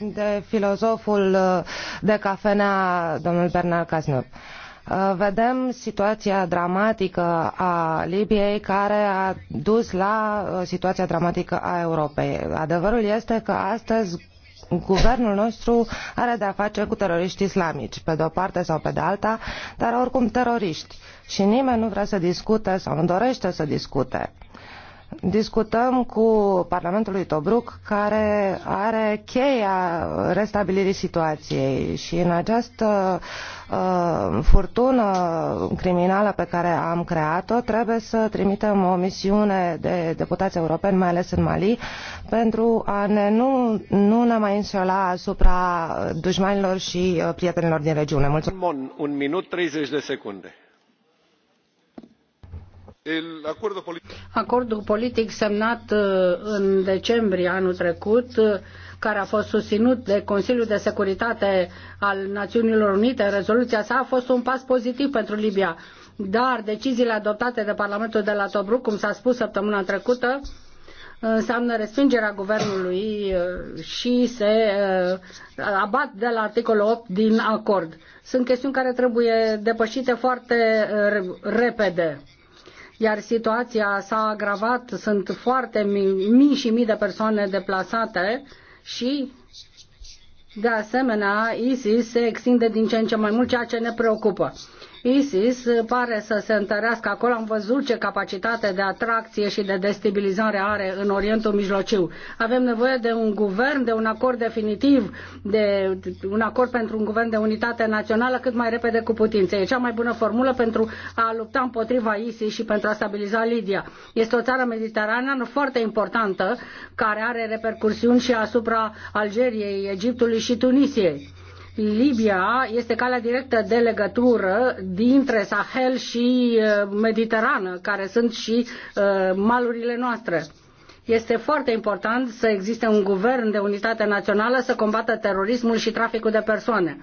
de filozoful uh, de cafenea, domnul Bernard Uh, vedem situația dramatică a Libiei care a dus la uh, situația dramatică a Europei. Adevărul este că astăzi guvernul nostru are de a face cu teroriști islamici, pe de o parte sau pe de alta, dar oricum teroriști. Și nimeni nu vrea să discute sau nu dorește să discute discutăm cu Parlamentul lui Tobruk, care are cheia restabilirii situației și în această uh, furtună criminală pe care am creat-o, trebuie să trimitem o misiune de deputați europeni, mai ales în Mali, pentru a ne nu, nu ne mai înșela asupra dușmanilor și uh, prietenilor din regiune. Mulțumesc. Un minut 30 de secunde Acordul politic semnat uh, în decembrie anul trecut, uh, care a fost susținut de Consiliul de Securitate al Națiunilor Unite, în rezoluția sa, a fost un pas pozitiv pentru Libia. Dar deciziile adoptate de Parlamentul de la Tobruk, cum s-a spus săptămâna trecută, înseamnă respingerea guvernului uh, și se abat de la articolul 8 din acord. Sunt chestiuni care trebuie depășite foarte repede iar situația s-a agravat, sunt foarte mii, mii și mii de persoane deplasate și de asemenea, ISIS se extinde din ce în ce mai mult, ceea ce ne preocupă. ISIS pare să se întărească acolo. Am văzut ce capacitate de atracție și de destabilizare are în Orientul Mijlociu. Avem nevoie de un guvern, de un acord definitiv, de un acord pentru un guvern de unitate națională cât mai repede cu putință. E cea mai bună formulă pentru a lupta împotriva ISIS și pentru a stabiliza Libia. Este o țară mediteraneană foarte importantă care are repercursiuni și asupra Algeriei, Egiptului și Tunisiei. Libia este calea directă de legătură dintre Sahel și uh, Mediterană, care sunt și uh, malurile noastre. Este foarte important să existe un guvern de unitate națională să combată terorismul și traficul de persoane.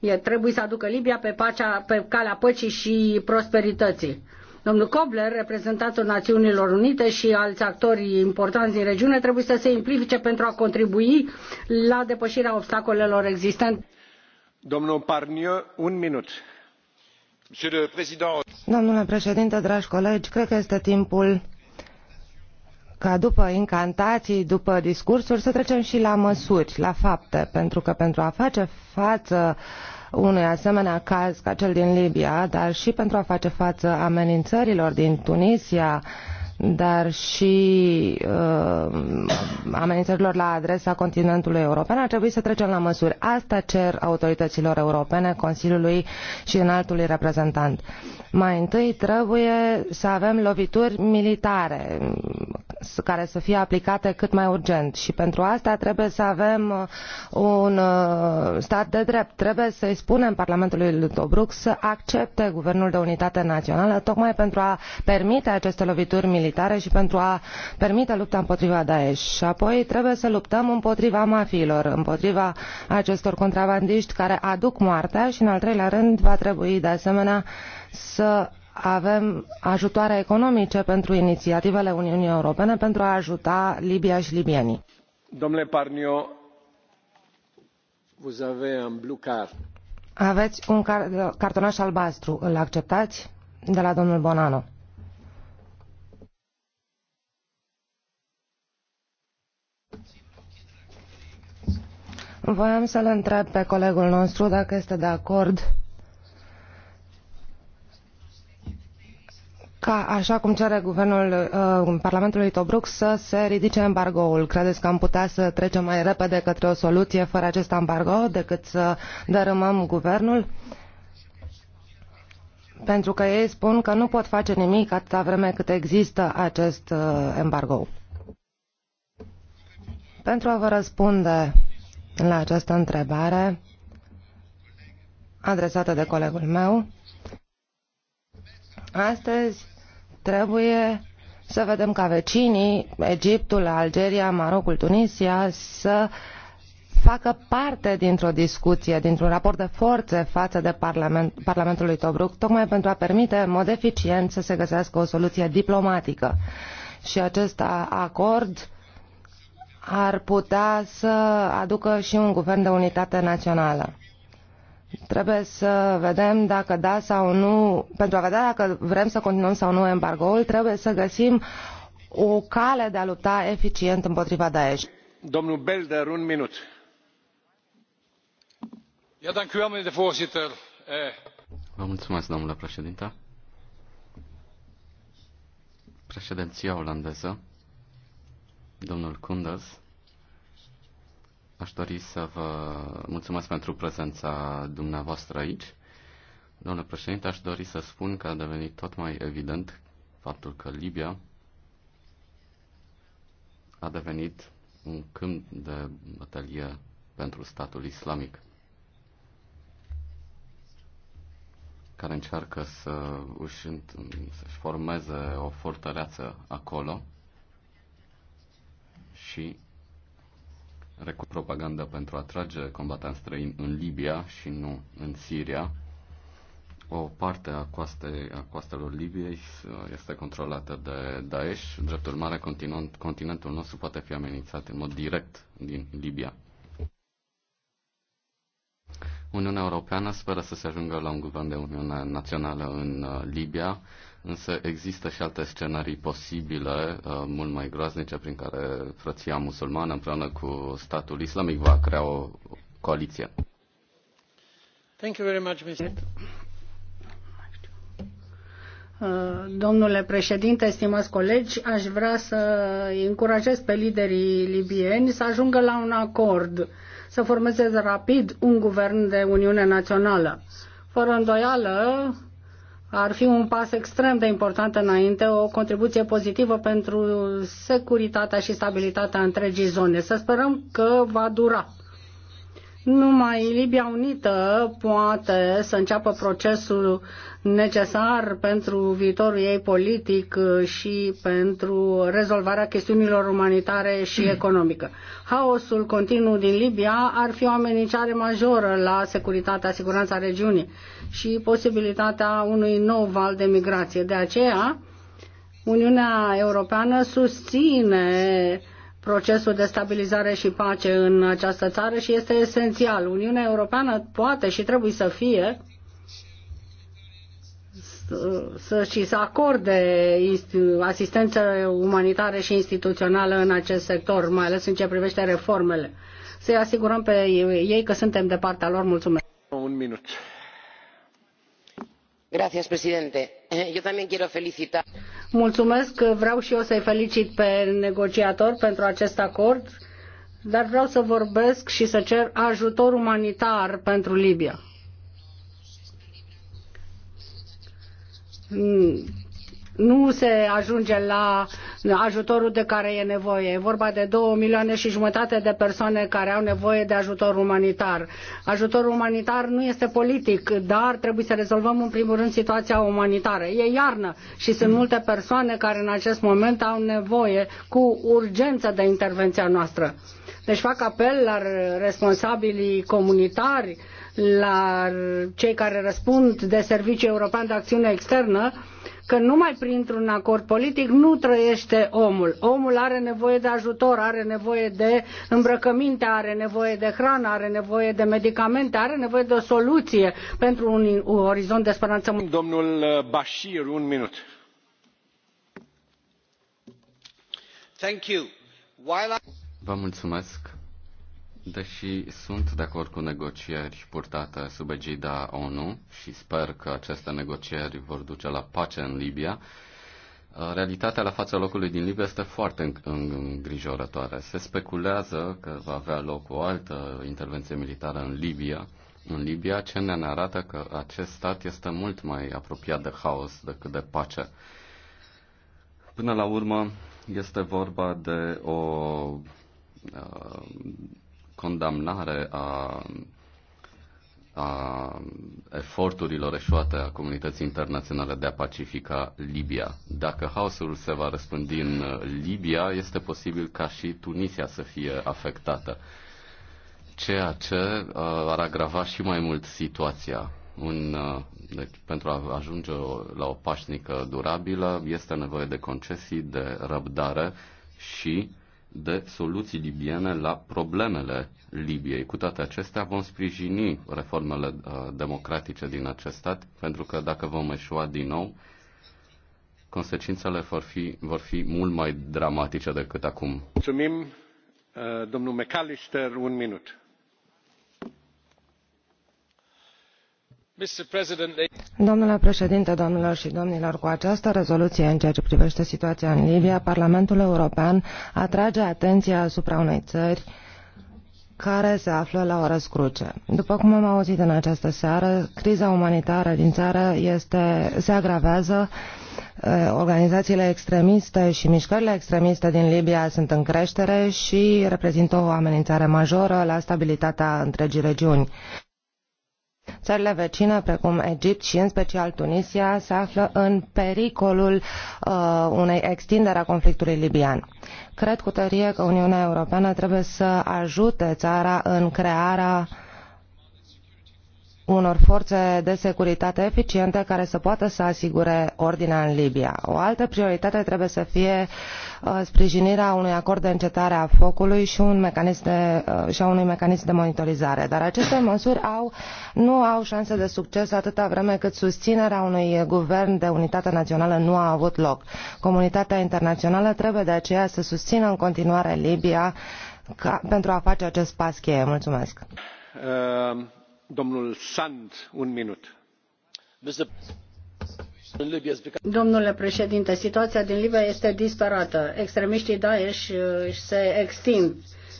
E, trebuie să aducă Libia pe, pacea, pe calea păcii și prosperității Domnul Kobler, reprezentantul Națiunilor Unite și alți actori importanți din regiune trebuie să se implice pentru a contribui la depășirea obstacolelor existente. Domnul Parniu, un minut. Domnule președinte, dragi colegi, cred că este timpul ca după incantații, după discursuri, să trecem și la măsuri, la fapte, pentru că pentru a face față unui asemenea caz ca cel din Libia, dar și pentru a face față amenințărilor din Tunisia, dar și uh, amenințărilor la adresa continentului european, ar trebui să trecem la măsuri. Asta cer autorităților europene, Consiliului și înaltului reprezentant. Mai întâi trebuie să avem lovituri militare care să fie aplicate cât mai urgent și pentru asta trebuie să avem uh, un uh, stat de drept. Trebuie să i spunem Parlamentului Dobruc să accepte Guvernul de Unitate Națională tocmai pentru a permite aceste lovituri militare și pentru a permite lupta împotriva Daesh. Și apoi trebuie să luptăm împotriva mafiilor, împotriva acestor contrabandiști care aduc moartea și în al treilea rând va trebui de asemenea să avem ajutoare economice pentru inițiativele Uniunii Europene pentru a ajuta Libia și libienii. Domnule pargneaux vous avez un blue card. Aveți un cartonaș albastru. Îl acceptați? De la domnul Bonano. Voiam să-l întreb pe colegul nostru dacă este de acord ca, așa cum cere guvernul uh, Parlamentului Tobruk, să se ridice embargoul. Credeți că am putea să trecem mai repede către o soluție fără acest embargo decât să dărâmăm guvernul? Pentru că ei spun că nu pot face nimic atâta vreme cât există acest uh, embargo. Pentru a vă răspunde la această întrebare adresată de colegul meu, astăzi Trebuie să vedem ca vecinii, Egiptul, Algeria, Marocul, Tunisia, să facă parte dintr-o discuție, dintr-un raport de forțe față de Parlament, Parlamentul lui Tobruk, tocmai pentru a permite în mod eficient să se găsească o soluție diplomatică. Și acest acord ar putea să aducă și un guvern de unitate națională. Trebuie să vedem dacă da sau nu, pentru a vedea dacă vrem să continuăm sau nu embargoul, trebuie să găsim o cale de a lupta eficient împotriva Daesh. Domnul Belder, un minut. de eh, Vă mulțumesc, domnule președinte. Președinția olandeză, domnul Kunders, Aș dori să vă mulțumesc pentru prezența dumneavoastră aici. Domnule președinte, aș dori să spun că a devenit tot mai evident faptul că Libia a devenit un câmp de bătălie pentru statul islamic, care încearcă să își, să-și formeze o fortăreață acolo și recu propaganda pentru a atrage combatanți străini în Libia și nu în Siria. O parte a, coaste, a coastelor Libiei uh, este controlată de Daesh. Drept urmare, continent, continentul nostru poate fi amenințat în mod direct din Libia. Uniunea Europeană speră să se ajungă la un guvern de Uniune Națională în uh, Libia, Însă există și alte scenarii posibile, uh, mult mai groaznice, prin care frăția musulmană împreună cu statul islamic va crea o coaliție. Thank you very much, Mr. Uh, domnule președinte, stimați colegi, aș vrea să încurajez pe liderii libieni să ajungă la un acord, să formeze rapid un guvern de Uniune Națională. Fără îndoială, ar fi un pas extrem de important înainte, o contribuție pozitivă pentru securitatea și stabilitatea întregii zone. Să sperăm că va dura numai Libia Unită poate să înceapă procesul necesar pentru viitorul ei politic și pentru rezolvarea chestiunilor umanitare și economică. Haosul continuu din Libia ar fi o amenințare majoră la securitatea, siguranța regiunii și posibilitatea unui nou val de migrație. De aceea, Uniunea Europeană susține procesul de stabilizare și pace în această țară și este esențial. Uniunea Europeană poate și trebuie să fie să, și să acorde asistență umanitară și instituțională în acest sector, mai ales în ce privește reformele. Să-i asigurăm pe ei că suntem de partea lor. Mulțumesc. Un minut. Gracias, presidente. Yo también quiero felicitar. Mulțumesc, vreau și eu să-i felicit pe negociator pentru acest acord, dar vreau să vorbesc și să cer ajutor umanitar pentru Libia nu se ajunge la ajutorul de care e nevoie. E vorba de două milioane și jumătate de persoane care au nevoie de ajutor umanitar. Ajutorul umanitar nu este politic, dar trebuie să rezolvăm în primul rând situația umanitară. E iarnă și sunt multe persoane care în acest moment au nevoie cu urgență de intervenția noastră. Deci fac apel la responsabilii comunitari, la cei care răspund de Serviciul European de Acțiune Externă că numai printr-un acord politic nu trăiește omul. Omul are nevoie de ajutor, are nevoie de îmbrăcăminte, are nevoie de hrană, are nevoie de medicamente, are nevoie de o soluție pentru un, orizont de speranță. Domnul Bashir, un minut. Vă mulțumesc. Deși sunt de acord cu negocieri purtate sub egida ONU și sper că aceste negocieri vor duce la pace în Libia, uh, realitatea la fața locului din Libia este foarte îngrijorătoare. Se speculează că va avea loc o altă intervenție militară în Libia, în Libia, ce ne arată că acest stat este mult mai apropiat de haos decât de pace. Până la urmă, este vorba de o uh, condamnare a, a eforturilor eșuate a comunității internaționale de a pacifica Libia. Dacă haosul se va răspândi în Libia, este posibil ca și Tunisia să fie afectată, ceea ce uh, ar agrava și mai mult situația un, uh, deci, pentru a ajunge la o pașnică durabilă este nevoie de concesii, de răbdare și de soluții libiene la problemele Libiei. Cu toate acestea, vom sprijini reformele uh, democratice din acest stat, pentru că dacă vom eșua din nou, consecințele vor fi, vor fi mult mai dramatice decât acum. Mulțumim, uh, domnul McAllister, un minut. Mr. President, Domnule președinte, doamnelor și domnilor, cu această rezoluție în ceea ce privește situația în Libia, Parlamentul European atrage atenția asupra unei țări care se află la o răscruce. După cum am auzit în această seară, criza umanitară din țară este, se agravează eh, organizațiile extremiste și mișcările extremiste din Libia sunt în creștere și reprezintă o amenințare majoră la stabilitatea întregii regiuni. Țările vecine, precum Egipt și în special Tunisia, se află în pericolul uh, unei extindere a conflictului libian. Cred cu tărie că Uniunea Europeană trebuie să ajute țara în crearea uh, unor forțe de securitate eficiente care să poată să asigure ordinea în Libia. O altă prioritate trebuie să fie uh, sprijinirea unui acord de încetare a focului și, un mecanism de, uh, și a unui mecanism de monitorizare. Dar aceste măsuri au, nu au șanse de succes atâta vreme cât susținerea unui guvern de unitate națională nu a avut loc. Comunitatea internațională trebuie de aceea să susțină în continuare Libia ca, pentru a face acest pas cheie. Mulțumesc! Uh Domnule președinte, situația din Libia este disperată. Extremiștii Daesh uh, se extind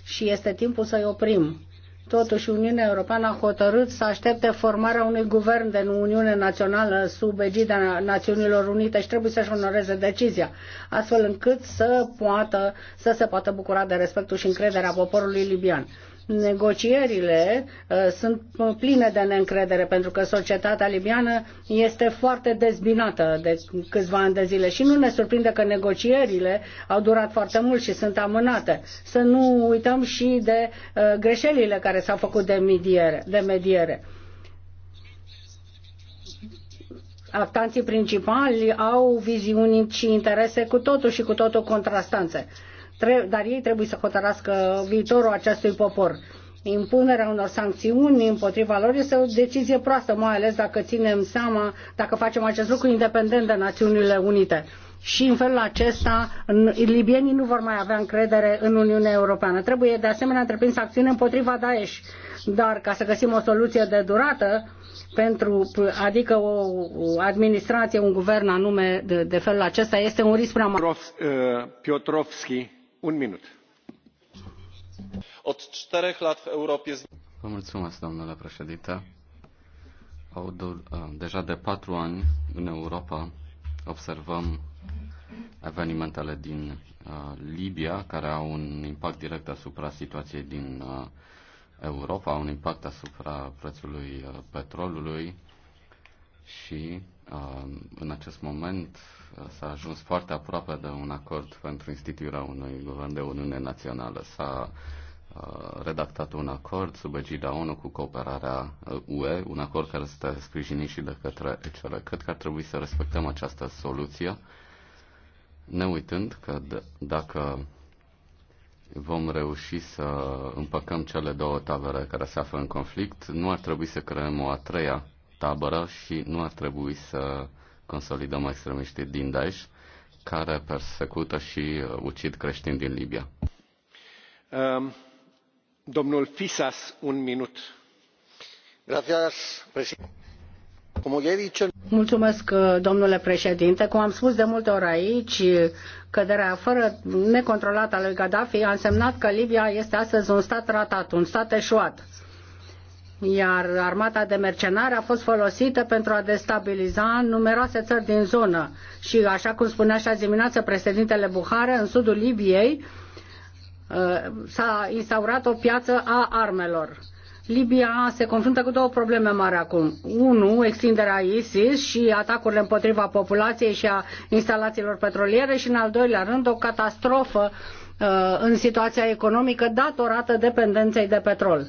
și este timpul să îi oprim. Totuși, Uniunea Europeană a hotărât să aștepte formarea unui guvern de Uniune Națională sub egida Națiunilor Unite și trebuie să-și onoreze decizia, astfel încât să, poată, să se poată bucura de respectul și încrederea poporului libian negocierile uh, sunt pline de neîncredere pentru că societatea libiană este foarte dezbinată de câțiva ani de zile și nu ne surprinde că negocierile au durat foarte mult și sunt amânate. Să nu uităm și de uh, greșelile care s-au făcut de mediere. De mediere. Actanții principali au viziuni și interese cu totul și cu totul contrastanțe dar ei trebuie să hotărască viitorul acestui popor. Impunerea unor sancțiuni împotriva lor este o decizie proastă, mai ales dacă ținem seama, dacă facem acest lucru independent de Națiunile Unite și în felul acesta libienii nu vor mai avea încredere în Uniunea Europeană. Trebuie de asemenea întreprins acțiune împotriva Daesh, dar ca să găsim o soluție de durată, pentru, adică o administrație, un guvern anume de, de felul acesta, este un risc prea mare. Piotrovski domnule președinte deja de patru ani în europa observăm evenimentele din libia care au un impact direct asupra situației din europa un impact asupra prețului petrolului și Um, în acest moment uh, s-a ajuns foarte aproape de un acord pentru instituirea unui guvern de Uniune Națională. S-a uh, redactat un acord sub egida ONU cu cooperarea uh, UE, un acord care este sprijinit și de către ECR. Cred că ar trebui să respectăm această soluție, ne uitând că dacă vom reuși să împăcăm cele două tabere care se află în conflict, nu ar trebui să creăm o a treia tabără și nu ar trebui să consolidăm extremiștii din Daesh care persecută și uh, ucid creștini din Libia. Um, domnul Fisas, un minut. Gracias, președinte. Mulțumesc, uh, domnule președinte. Cum am spus de multe ori aici, căderea fără necontrolată a lui Gaddafi a însemnat că Libia este astăzi un stat ratat, un stat eșuat iar armata de mercenari a fost folosită pentru a destabiliza numeroase țări din zonă. Și așa cum spunea și azi dimineață președintele Buhare, în sudul Libiei uh, s-a instaurat o piață a armelor. Libia se confruntă cu două probleme mari acum. Unu, extinderea ISIS și atacurile împotriva populației și a instalațiilor petroliere și, în al doilea rând, o catastrofă uh, în situația economică datorată dependenței de petrol.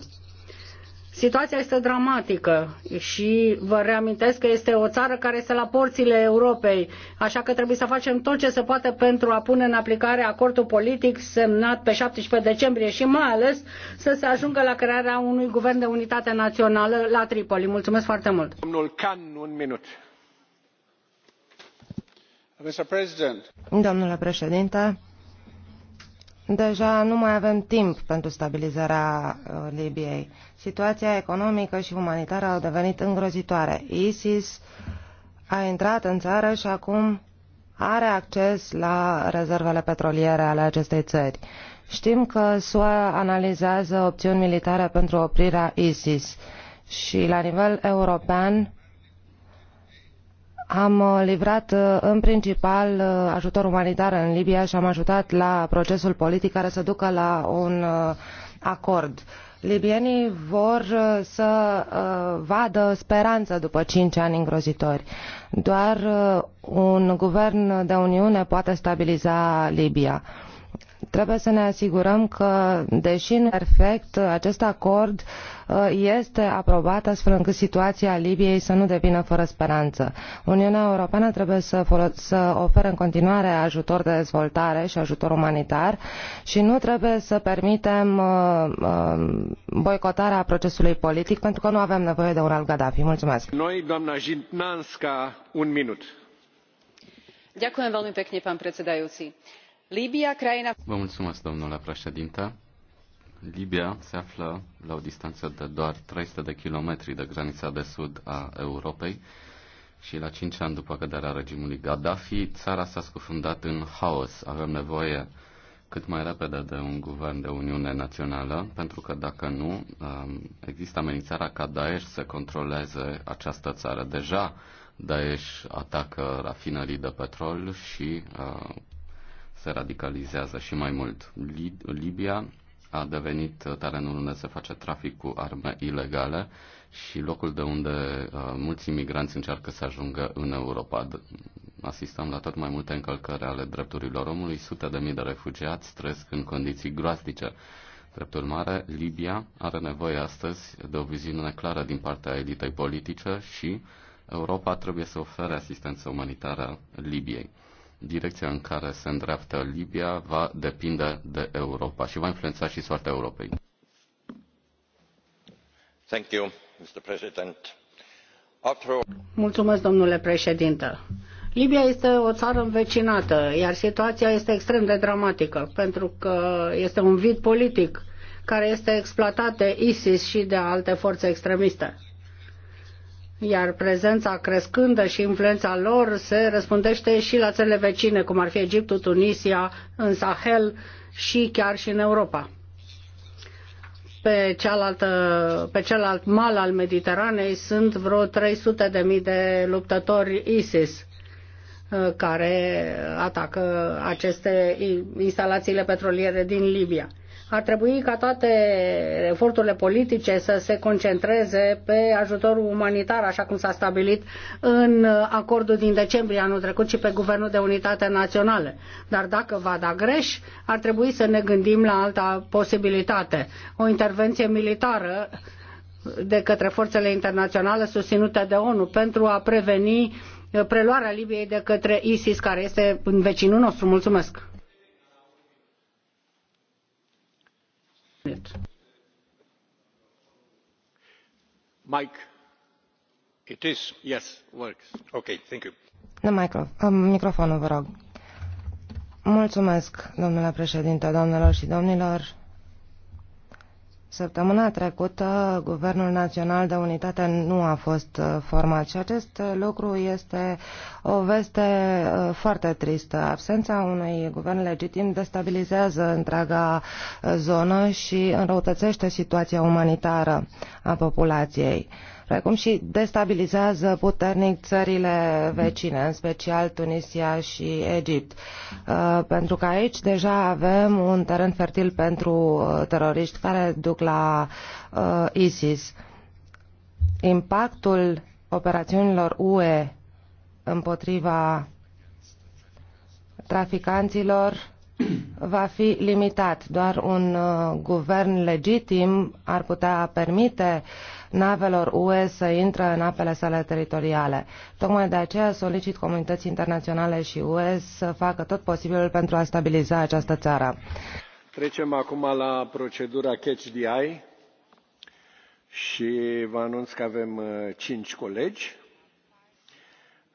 Situația este dramatică și vă reamintesc că este o țară care este la porțile Europei, așa că trebuie să facem tot ce se poate pentru a pune în aplicare acordul politic semnat pe 17 decembrie și mai ales să se ajungă la crearea unui guvern de unitate națională la Tripoli. Mulțumesc foarte mult! Domnul Can, un minut. Domnule președinte, Deja nu mai avem timp pentru stabilizarea uh, Libiei. Situația economică și umanitară au devenit îngrozitoare. ISIS a intrat în țară și acum are acces la rezervele petroliere ale acestei țări. Știm că SUA analizează opțiuni militare pentru oprirea ISIS și la nivel european am uh, livrat uh, în principal uh, ajutor umanitar în libia și am ajutat la procesul politic care să ducă la un acord. libienii vor să vadă speranță după cinci ani îngrozitori. doar un guvern de uniune poate stabiliza libia trebuie să ne asigurăm că, deși imperfect, acest acord Uh, este aprobată astfel încât situația Libiei să nu devină fără speranță. Uniunea Europeană trebuie să, să ofere în continuare ajutor de dezvoltare și ajutor umanitar și nu trebuie să permitem uh, uh, boicotarea procesului politic pentru că nu avem nevoie de un alt Gaddafi. Mulțumesc. Noi, doamna Jitnanska, un minut. Ďakujem veľmi pekne, pán predsedajúci. Líbia, krajina... Vă mulțumesc, domnule președinte Libia se află la o distanță de doar 300 de kilometri de granița de sud a Europei și la 5 ani după căderea regimului Gaddafi, țara s-a scufundat în haos. Avem nevoie cât mai repede de un guvern de Uniune Națională, pentru că dacă nu, um, există amenințarea ca Daesh să controleze această țară. Deja Daesh atacă rafinării de petrol și uh, se radicalizează și mai mult. Libia a devenit uh, terenul unde se face trafic cu arme ilegale și locul de unde uh, mulți imigranți încearcă să ajungă în Europa. Asistăm la tot mai multe încălcări ale drepturilor omului, sute de mii de refugiați trăiesc în condiții groaznice. Drept urmare, Libia are nevoie astăzi de o viziune clară din partea elitei politice și Europa trebuie să ofere asistență umanitară Libiei direcția în care se îndreaptă Libia va depinde de Europa și va influența și soarta Europei. Thank you, Mr. President. After... Mulțumesc, domnule președinte. Libia este o țară învecinată, iar situația este extrem de dramatică, pentru că este un vid politic care este exploatat de ISIS și de alte forțe extremiste iar prezența crescândă și influența lor se răspundește și la țările vecine, cum ar fi Egiptul, Tunisia, în Sahel și chiar și în Europa. Pe, cealaltă, pe celălalt mal al Mediteranei sunt vreo 300 de mii de luptători ISIS uh, care atacă aceste instalațiile petroliere din Libia. Ar trebui ca toate eforturile politice să se concentreze pe ajutorul umanitar, așa cum s-a stabilit în acordul din decembrie anul trecut și pe Guvernul de Unitate Națională. Dar dacă va da greș, ar trebui să ne gândim la alta posibilitate. O intervenție militară de către forțele internaționale susținute de ONU pentru a preveni preluarea Libiei de către ISIS, care este în vecinul nostru. Mulțumesc! Mike. It is, yes, works. Okay, thank you. Nu, micro, microfonul, vă rog. Mulțumesc, domnule președinte, doamnelor și domnilor. Săptămâna trecută, Guvernul Național de Unitate nu a fost uh, format și acest uh, lucru este o veste uh, foarte tristă. Absența unui guvern legitim destabilizează întreaga zonă și înrăutățește situația umanitară a populației precum și destabilizează puternic țările vecine, în special Tunisia și Egipt. Uh, pentru că aici deja avem un teren fertil pentru uh, teroriști care duc la uh, ISIS. Impactul operațiunilor UE împotriva traficanților va fi limitat. Doar un guvern legitim ar putea permite navelor UE să intre în apele sale teritoriale. Tocmai de aceea solicit comunității internaționale și UE să facă tot posibilul pentru a stabiliza această țară. Trecem acum la procedura Catch the Eye și vă anunț că avem uh, cinci colegi.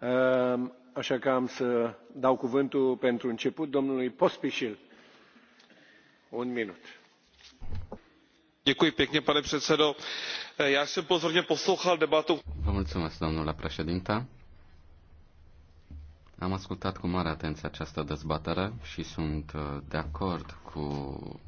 Uh, așa că am să dau cuvântul pentru început domnului Pospișil. Un minut pane předsedající eh, já jsem pozorně poslouchal debatu. domnule președinte am ascultat cu mare atenție această dezbatere și sunt eh, de acord cu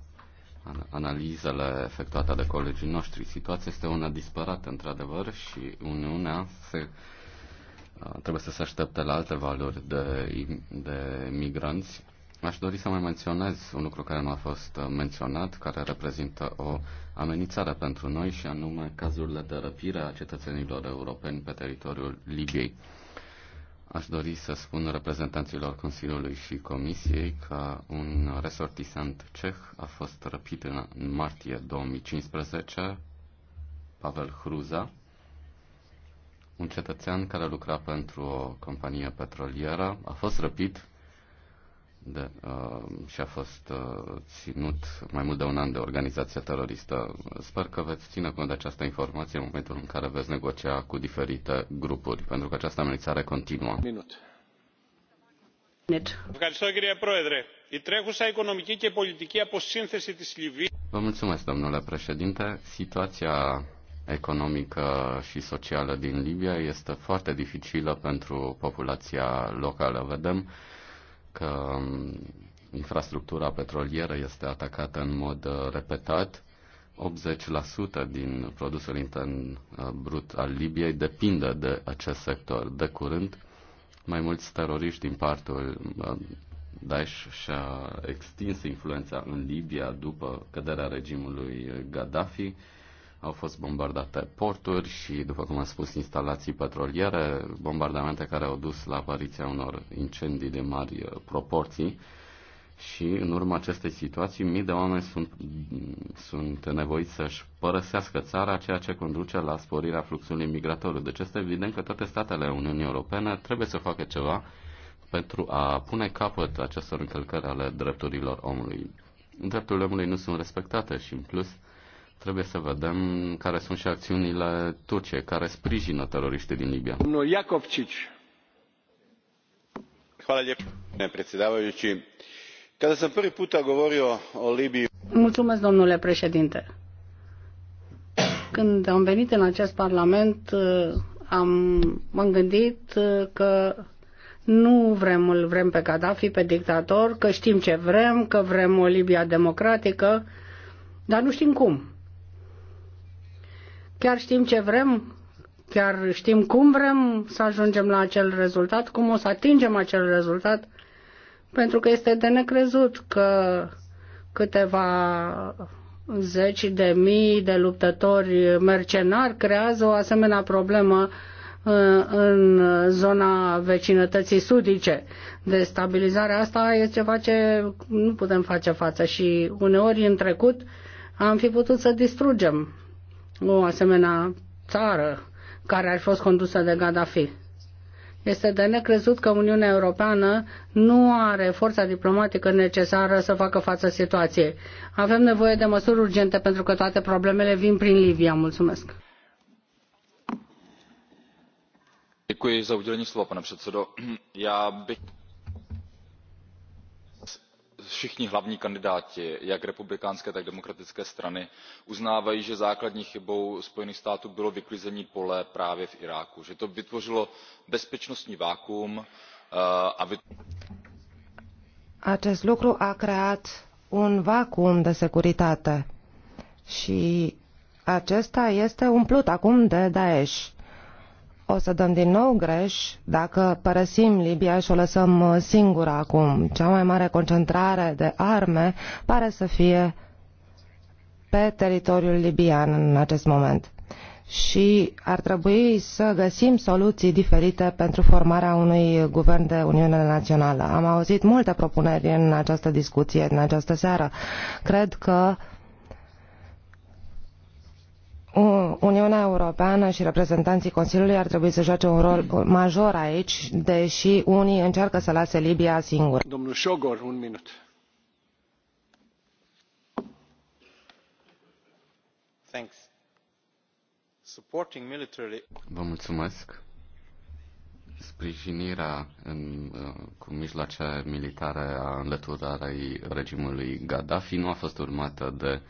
analizele efectuate de colegii noștri. Situația este una disparată, într-adevăr, și Uniunea se, eh, trebuie să se aștepte la alte valori de, de migranți Aș dori să mai menționez un lucru care nu a fost uh, menționat, care reprezintă o amenințare pentru noi și anume cazurile de răpire a cetățenilor europeni pe teritoriul Libiei. Aș dori să spun reprezentanților Consiliului și Comisiei că un resortisant ceh a fost răpit în martie 2015, Pavel Hruza, un cetățean care lucra pentru o companie petrolieră, a fost răpit de, uh, și a fost uh, ținut mai mult de un an de organizația teroristă. Sper că veți ține cont de această informație în momentul în care veți negocia cu diferite grupuri, pentru că această amenințare continuă. Minut. Vă mulțumesc, domnule președinte. Situația economică și socială din Libia este foarte dificilă pentru populația locală. Vedem că um, infrastructura petrolieră este atacată în mod uh, repetat. 80% din produsul intern uh, brut al Libiei depinde de acest sector. De curând, mai mulți teroriști din partul uh, Daesh și-a extins influența în Libia după căderea regimului Gaddafi au fost bombardate porturi și, după cum am spus, instalații petroliere, bombardamente care au dus la apariția unor incendii de mari uh, proporții. Și în urma acestei situații, mii de oameni sunt, sunt nevoiți să-și părăsească țara, ceea ce conduce la sporirea fluxului migratoriu. Deci este evident că toate statele Uniunii Europene trebuie să facă ceva pentru a pune capăt acestor încălcări ale drepturilor omului. Drepturile omului nu sunt respectate și, în plus, Trebuie să vedem care sunt și acțiunile turce care sprijină teroriștii din Libia. Domnul Cici. Hvala lijepo, predsjedavajući. Kada sam prvi puta govorio o Libiji... Mulțumesc, domnule președinte. Când am venit în acest parlament, am, m-am gândit că nu vrem, îl vrem pe Gaddafi, pe dictator, că știm ce vrem, că vrem o Libia democratică, dar nu știm cum. Chiar știm ce vrem, chiar știm cum vrem să ajungem la acel rezultat, cum o să atingem acel rezultat, pentru că este de necrezut că câteva zeci de mii de luptători mercenari creează o asemenea problemă uh, în zona vecinătății sudice. Destabilizarea asta este ceva ce nu putem face față și uneori în trecut am fi putut să distrugem o asemenea țară care ar fi fost condusă de Gaddafi. Este de necrezut că Uniunea Europeană nu are forța diplomatică necesară să facă față situației. Avem nevoie de măsuri urgente pentru că toate problemele vin prin Libia. Mulțumesc. Děkuji za udělení slova, pane předsedo. Já bych všichni hlavní kandidáti jak republikánské tak demokratické strany uznávají že základní chybou spojených států bylo vyklizení pole právě v iráku že to vytvořilo bezpečnostní vakuum eh, a acest lucru a creat un vacuum de securitate și acesta este umplut acum de Daesh o să dăm din nou greș dacă părăsim Libia și o lăsăm uh, singură acum. Cea mai mare concentrare de arme pare să fie pe teritoriul libian în acest moment și ar trebui să găsim soluții diferite pentru formarea unui guvern de Uniune Națională. Am auzit multe propuneri în această discuție, în această seară. Cred că uh, Uniunea Europeană și reprezentanții Consiliului ar trebui să joace un rol major aici, deși unii încearcă să lase Libia singură. un minut. Vă mulțumesc. Sprijinirea în, uh, cu mijloace militare a înlăturării regimului Gaddafi nu a fost urmată de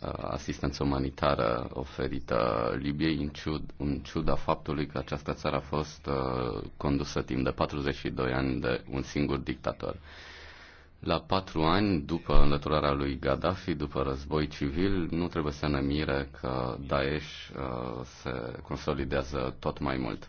Uh, asistență umanitară oferită Libiei, în, ciud, în ciuda faptului că această țară a fost uh, condusă timp de 42 ani de un singur dictator. La patru ani după înlăturarea lui Gaddafi, după război civil, nu trebuie să ne mire că Daesh uh, se consolidează tot mai mult.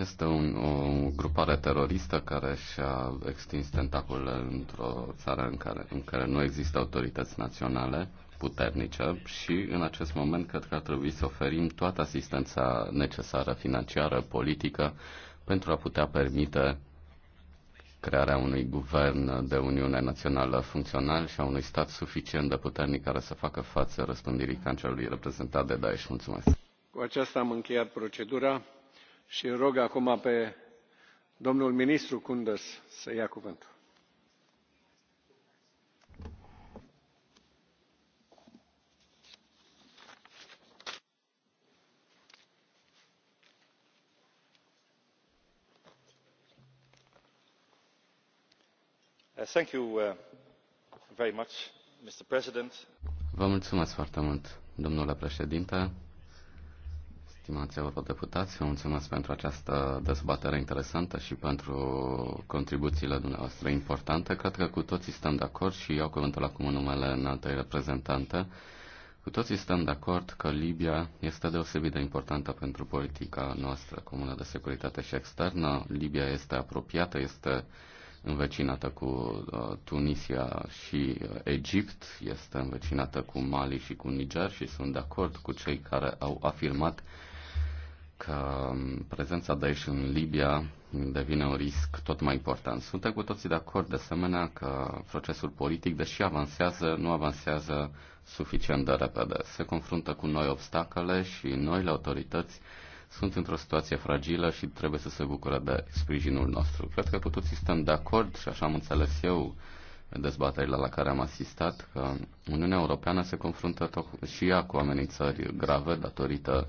Este un, o grupare teroristă care și-a extins tentaculele într-o țară în care, în care nu există autorități naționale puternice și în acest moment cred că ar trebui să oferim toată asistența necesară financiară, politică, pentru a putea permite crearea unui guvern de Uniune Națională funcțional și a unui stat suficient de puternic care să facă față răspândirii cancerului reprezentat de Daesh. Mulțumesc! Cu aceasta am încheiat procedura și îl rog acum pe domnul ministru kunders să ia cuvântul. Uh, uh, Vă mulțumesc foarte mult, domnule președinte Stimați eurodeputați, vă mulțumesc pentru această dezbatere interesantă și pentru contribuțiile dumneavoastră importante. Cred că cu toții stăm de acord și iau cuvântul acum în numele înaltei reprezentante. Cu toții stăm de acord că Libia este deosebit de importantă pentru politica noastră comună de securitate și externă. Libia este apropiată, este învecinată cu uh, Tunisia și uh, Egipt, este învecinată cu Mali și cu Niger și sunt de acord cu cei care au afirmat că um, prezența Daesh în Libia devine un risc tot mai important. Suntem cu toții de acord de asemenea că procesul politic, deși avansează, nu avansează suficient de repede. Se confruntă cu noi obstacole și noile autorități sunt într-o situație fragilă și trebuie să se bucure de sprijinul nostru. Cred că cu toții suntem de acord și așa am înțeles eu dezbaterile la care am asistat că Uniunea Europeană se confruntă și ea cu amenințări grave datorită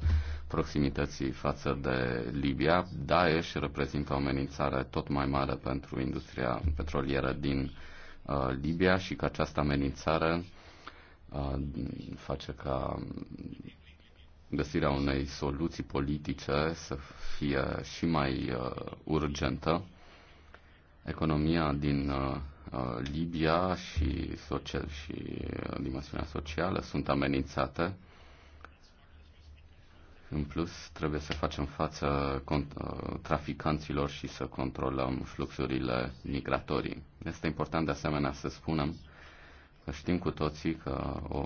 proximității față de Libia. Daesh reprezintă o amenințare tot mai mare pentru industria petrolieră din uh, Libia și că această amenințare uh, face ca găsirea unei soluții politice să fie și mai uh, urgentă. Economia din uh, Uh, Libia și, social, și uh, dimensiunea socială sunt amenințate. În plus, trebuie să facem față uh, traficanților și să controlăm fluxurile migratorii. Este important de asemenea să spunem că știm cu toții că o,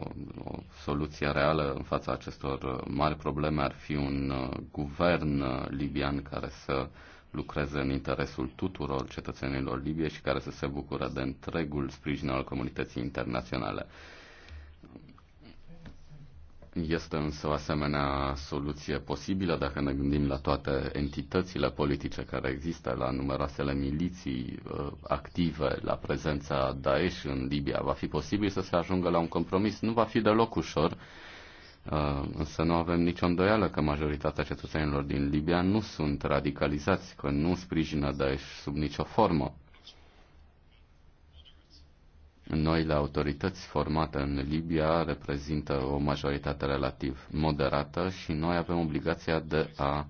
o soluție reală în fața acestor mari probleme ar fi un guvern libian care să uh, lucreze în interesul tuturor cetățenilor Libiei și care să se bucură de întregul sprijin al comunității internaționale. Este însă o asemenea soluție posibilă dacă ne gândim la toate entitățile politice care există, la numeroasele miliții uh, active, la prezența Daesh în Libia. Va fi posibil să se ajungă la un compromis? Nu va fi deloc ușor, Uh, însă nu avem nicio îndoială că majoritatea cetățenilor din Libia nu sunt radicalizați, că nu sprijină Daesh sub nicio formă. Noile autorități formate în Libia reprezintă o majoritate relativ moderată și noi avem obligația de a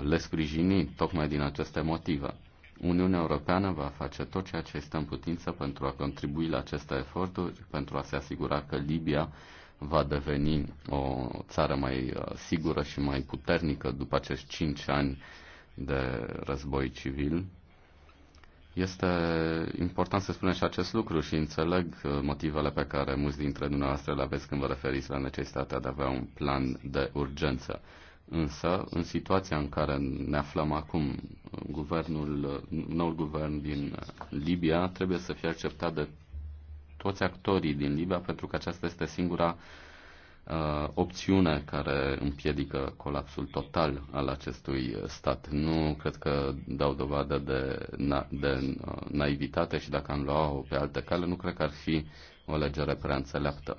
le sprijini tocmai din aceste motive. Uniunea Europeană va face tot ceea ce este în putință pentru a contribui la aceste eforturi, pentru a se asigura că Libia va deveni o țară mai uh, sigură și mai puternică după acești cinci ani de război civil. Este important să spunem și acest lucru și înțeleg uh, motivele pe care mulți dintre dumneavoastră le aveți când vă referiți la necesitatea de a avea un plan de urgență. Însă, în situația în care ne aflăm acum, guvernul, noul guvern din Libia trebuie să fie acceptat de toți actorii din Libia, pentru că aceasta este singura uh, opțiune care împiedică colapsul total al acestui stat. Nu cred că dau dovadă de, na- de uh, naivitate și dacă am luat-o pe altă cale, nu cred că ar fi o legere prea înțeleaptă.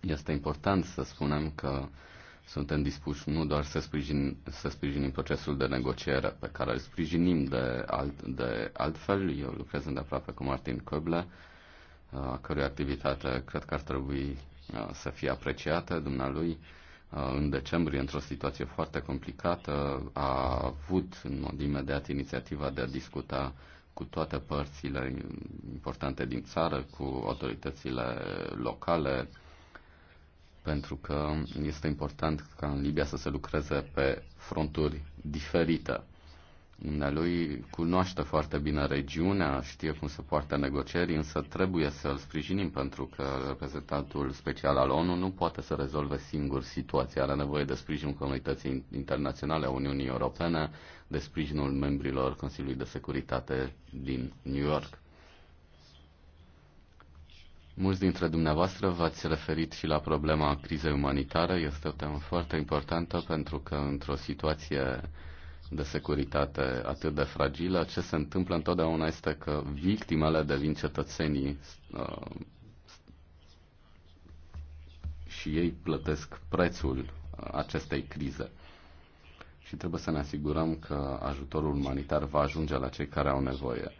Este important să spunem că suntem dispuși nu doar să, sprijin, să sprijinim procesul de negociere pe care îl sprijinim de, alt, de altfel, eu lucrez îndeaproape cu Martin uh, a cărui activitate cred că ar trebui să fie apreciată. Dumnealui, în decembrie, într-o situație foarte complicată, a avut în mod imediat inițiativa de a discuta cu toate părțile importante din țară, cu autoritățile locale, pentru că este important ca în Libia să se lucreze pe fronturi diferite. Dumnealui cunoaște foarte bine regiunea, știe cum se poartă negocieri, însă trebuie să îl sprijinim pentru că reprezentantul special al ONU nu poate să rezolve singur situația. Are nevoie de sprijinul comunității internaționale a Uniunii Europene, de sprijinul membrilor Consiliului de Securitate din New York. Mulți dintre dumneavoastră v-ați referit și la problema crizei umanitare. Este o temă foarte importantă pentru că într-o situație de securitate atât de fragilă, ce se întâmplă întotdeauna este că victimele devin cetățenii uh, și ei plătesc prețul acestei crize. Și trebuie să ne asigurăm că ajutorul umanitar va ajunge la cei care au nevoie.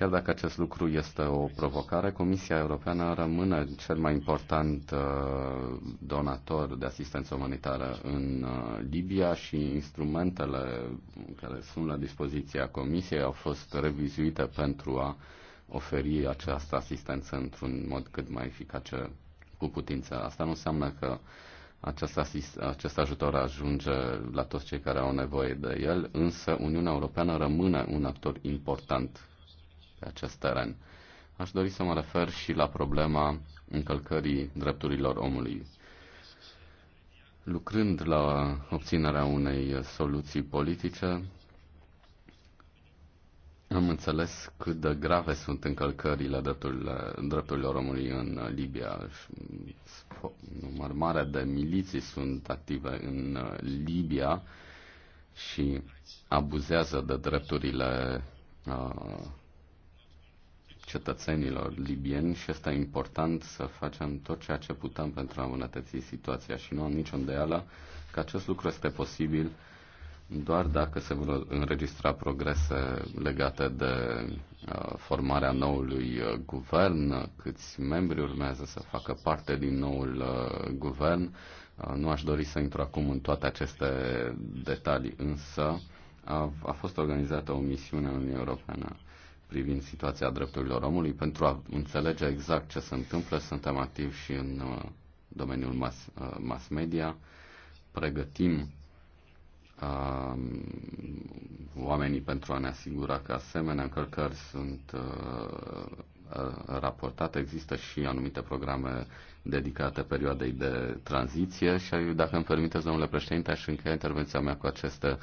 Chiar dacă acest lucru este o provocare, Comisia Europeană rămâne cel mai important uh, donator de asistență umanitară în uh, Libia și instrumentele care sunt la dispoziția Comisiei au fost revizuite pentru a oferi această asistență într-un mod cât mai eficace cu putință. Asta nu înseamnă că acest, asist, acest ajutor ajunge la toți cei care au nevoie de el, însă Uniunea Europeană rămâne un actor important pe acest teren. Aș dori să mă refer și la problema încălcării drepturilor omului. Lucrând la obținerea unei soluții politice, am înțeles cât de grave sunt încălcările drepturilor, drepturilor omului în Libia. Număr mare de miliții sunt active în uh, Libia și abuzează de drepturile uh, cetățenilor libieni și este important să facem tot ceea ce putem pentru a îmbunătăți situația și nu am nicio îndoială că acest lucru este posibil doar dacă se vor înregistra progrese legate de uh, formarea noului uh, guvern, câți membri urmează să facă parte din noul uh, guvern. Nu aș dori să intru acum în toate aceste detalii, însă a, a fost organizată o misiune în Uniunea Europeană privind situația drepturilor omului. Pentru a înțelege exact ce se întâmplă, suntem activi și în uh, domeniul mass, uh, mass media, pregătim uh, oamenii pentru a ne asigura că asemenea încălcări sunt uh, uh, raportate. Există și anumite programe dedicate perioadei de tranziție și dacă îmi permiteți, domnule președinte, aș încheia intervenția mea cu aceste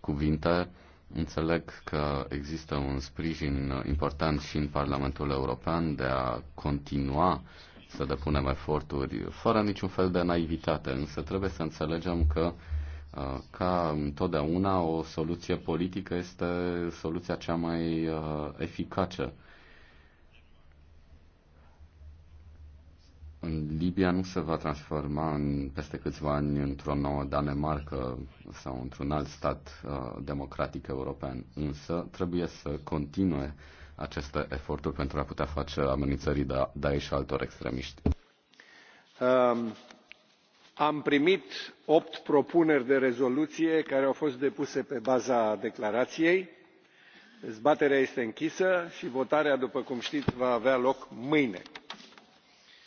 cuvinte. Înțeleg că există un sprijin important și în Parlamentul European de a continua să depunem eforturi fără niciun fel de naivitate, însă trebuie să înțelegem că uh, ca întotdeauna o soluție politică este soluția cea mai uh, eficace în Libia nu se va transforma în, peste câțiva ani într-o nouă Danemarca sau într-un alt stat uh, democratic european, însă trebuie să continue aceste eforturi pentru a putea face amenințării de da-, Daesh și altor extremiști. Um, am primit opt propuneri de rezoluție care au fost depuse pe baza declarației. Dezbaterea este închisă și votarea, după cum știți, va avea loc mâine.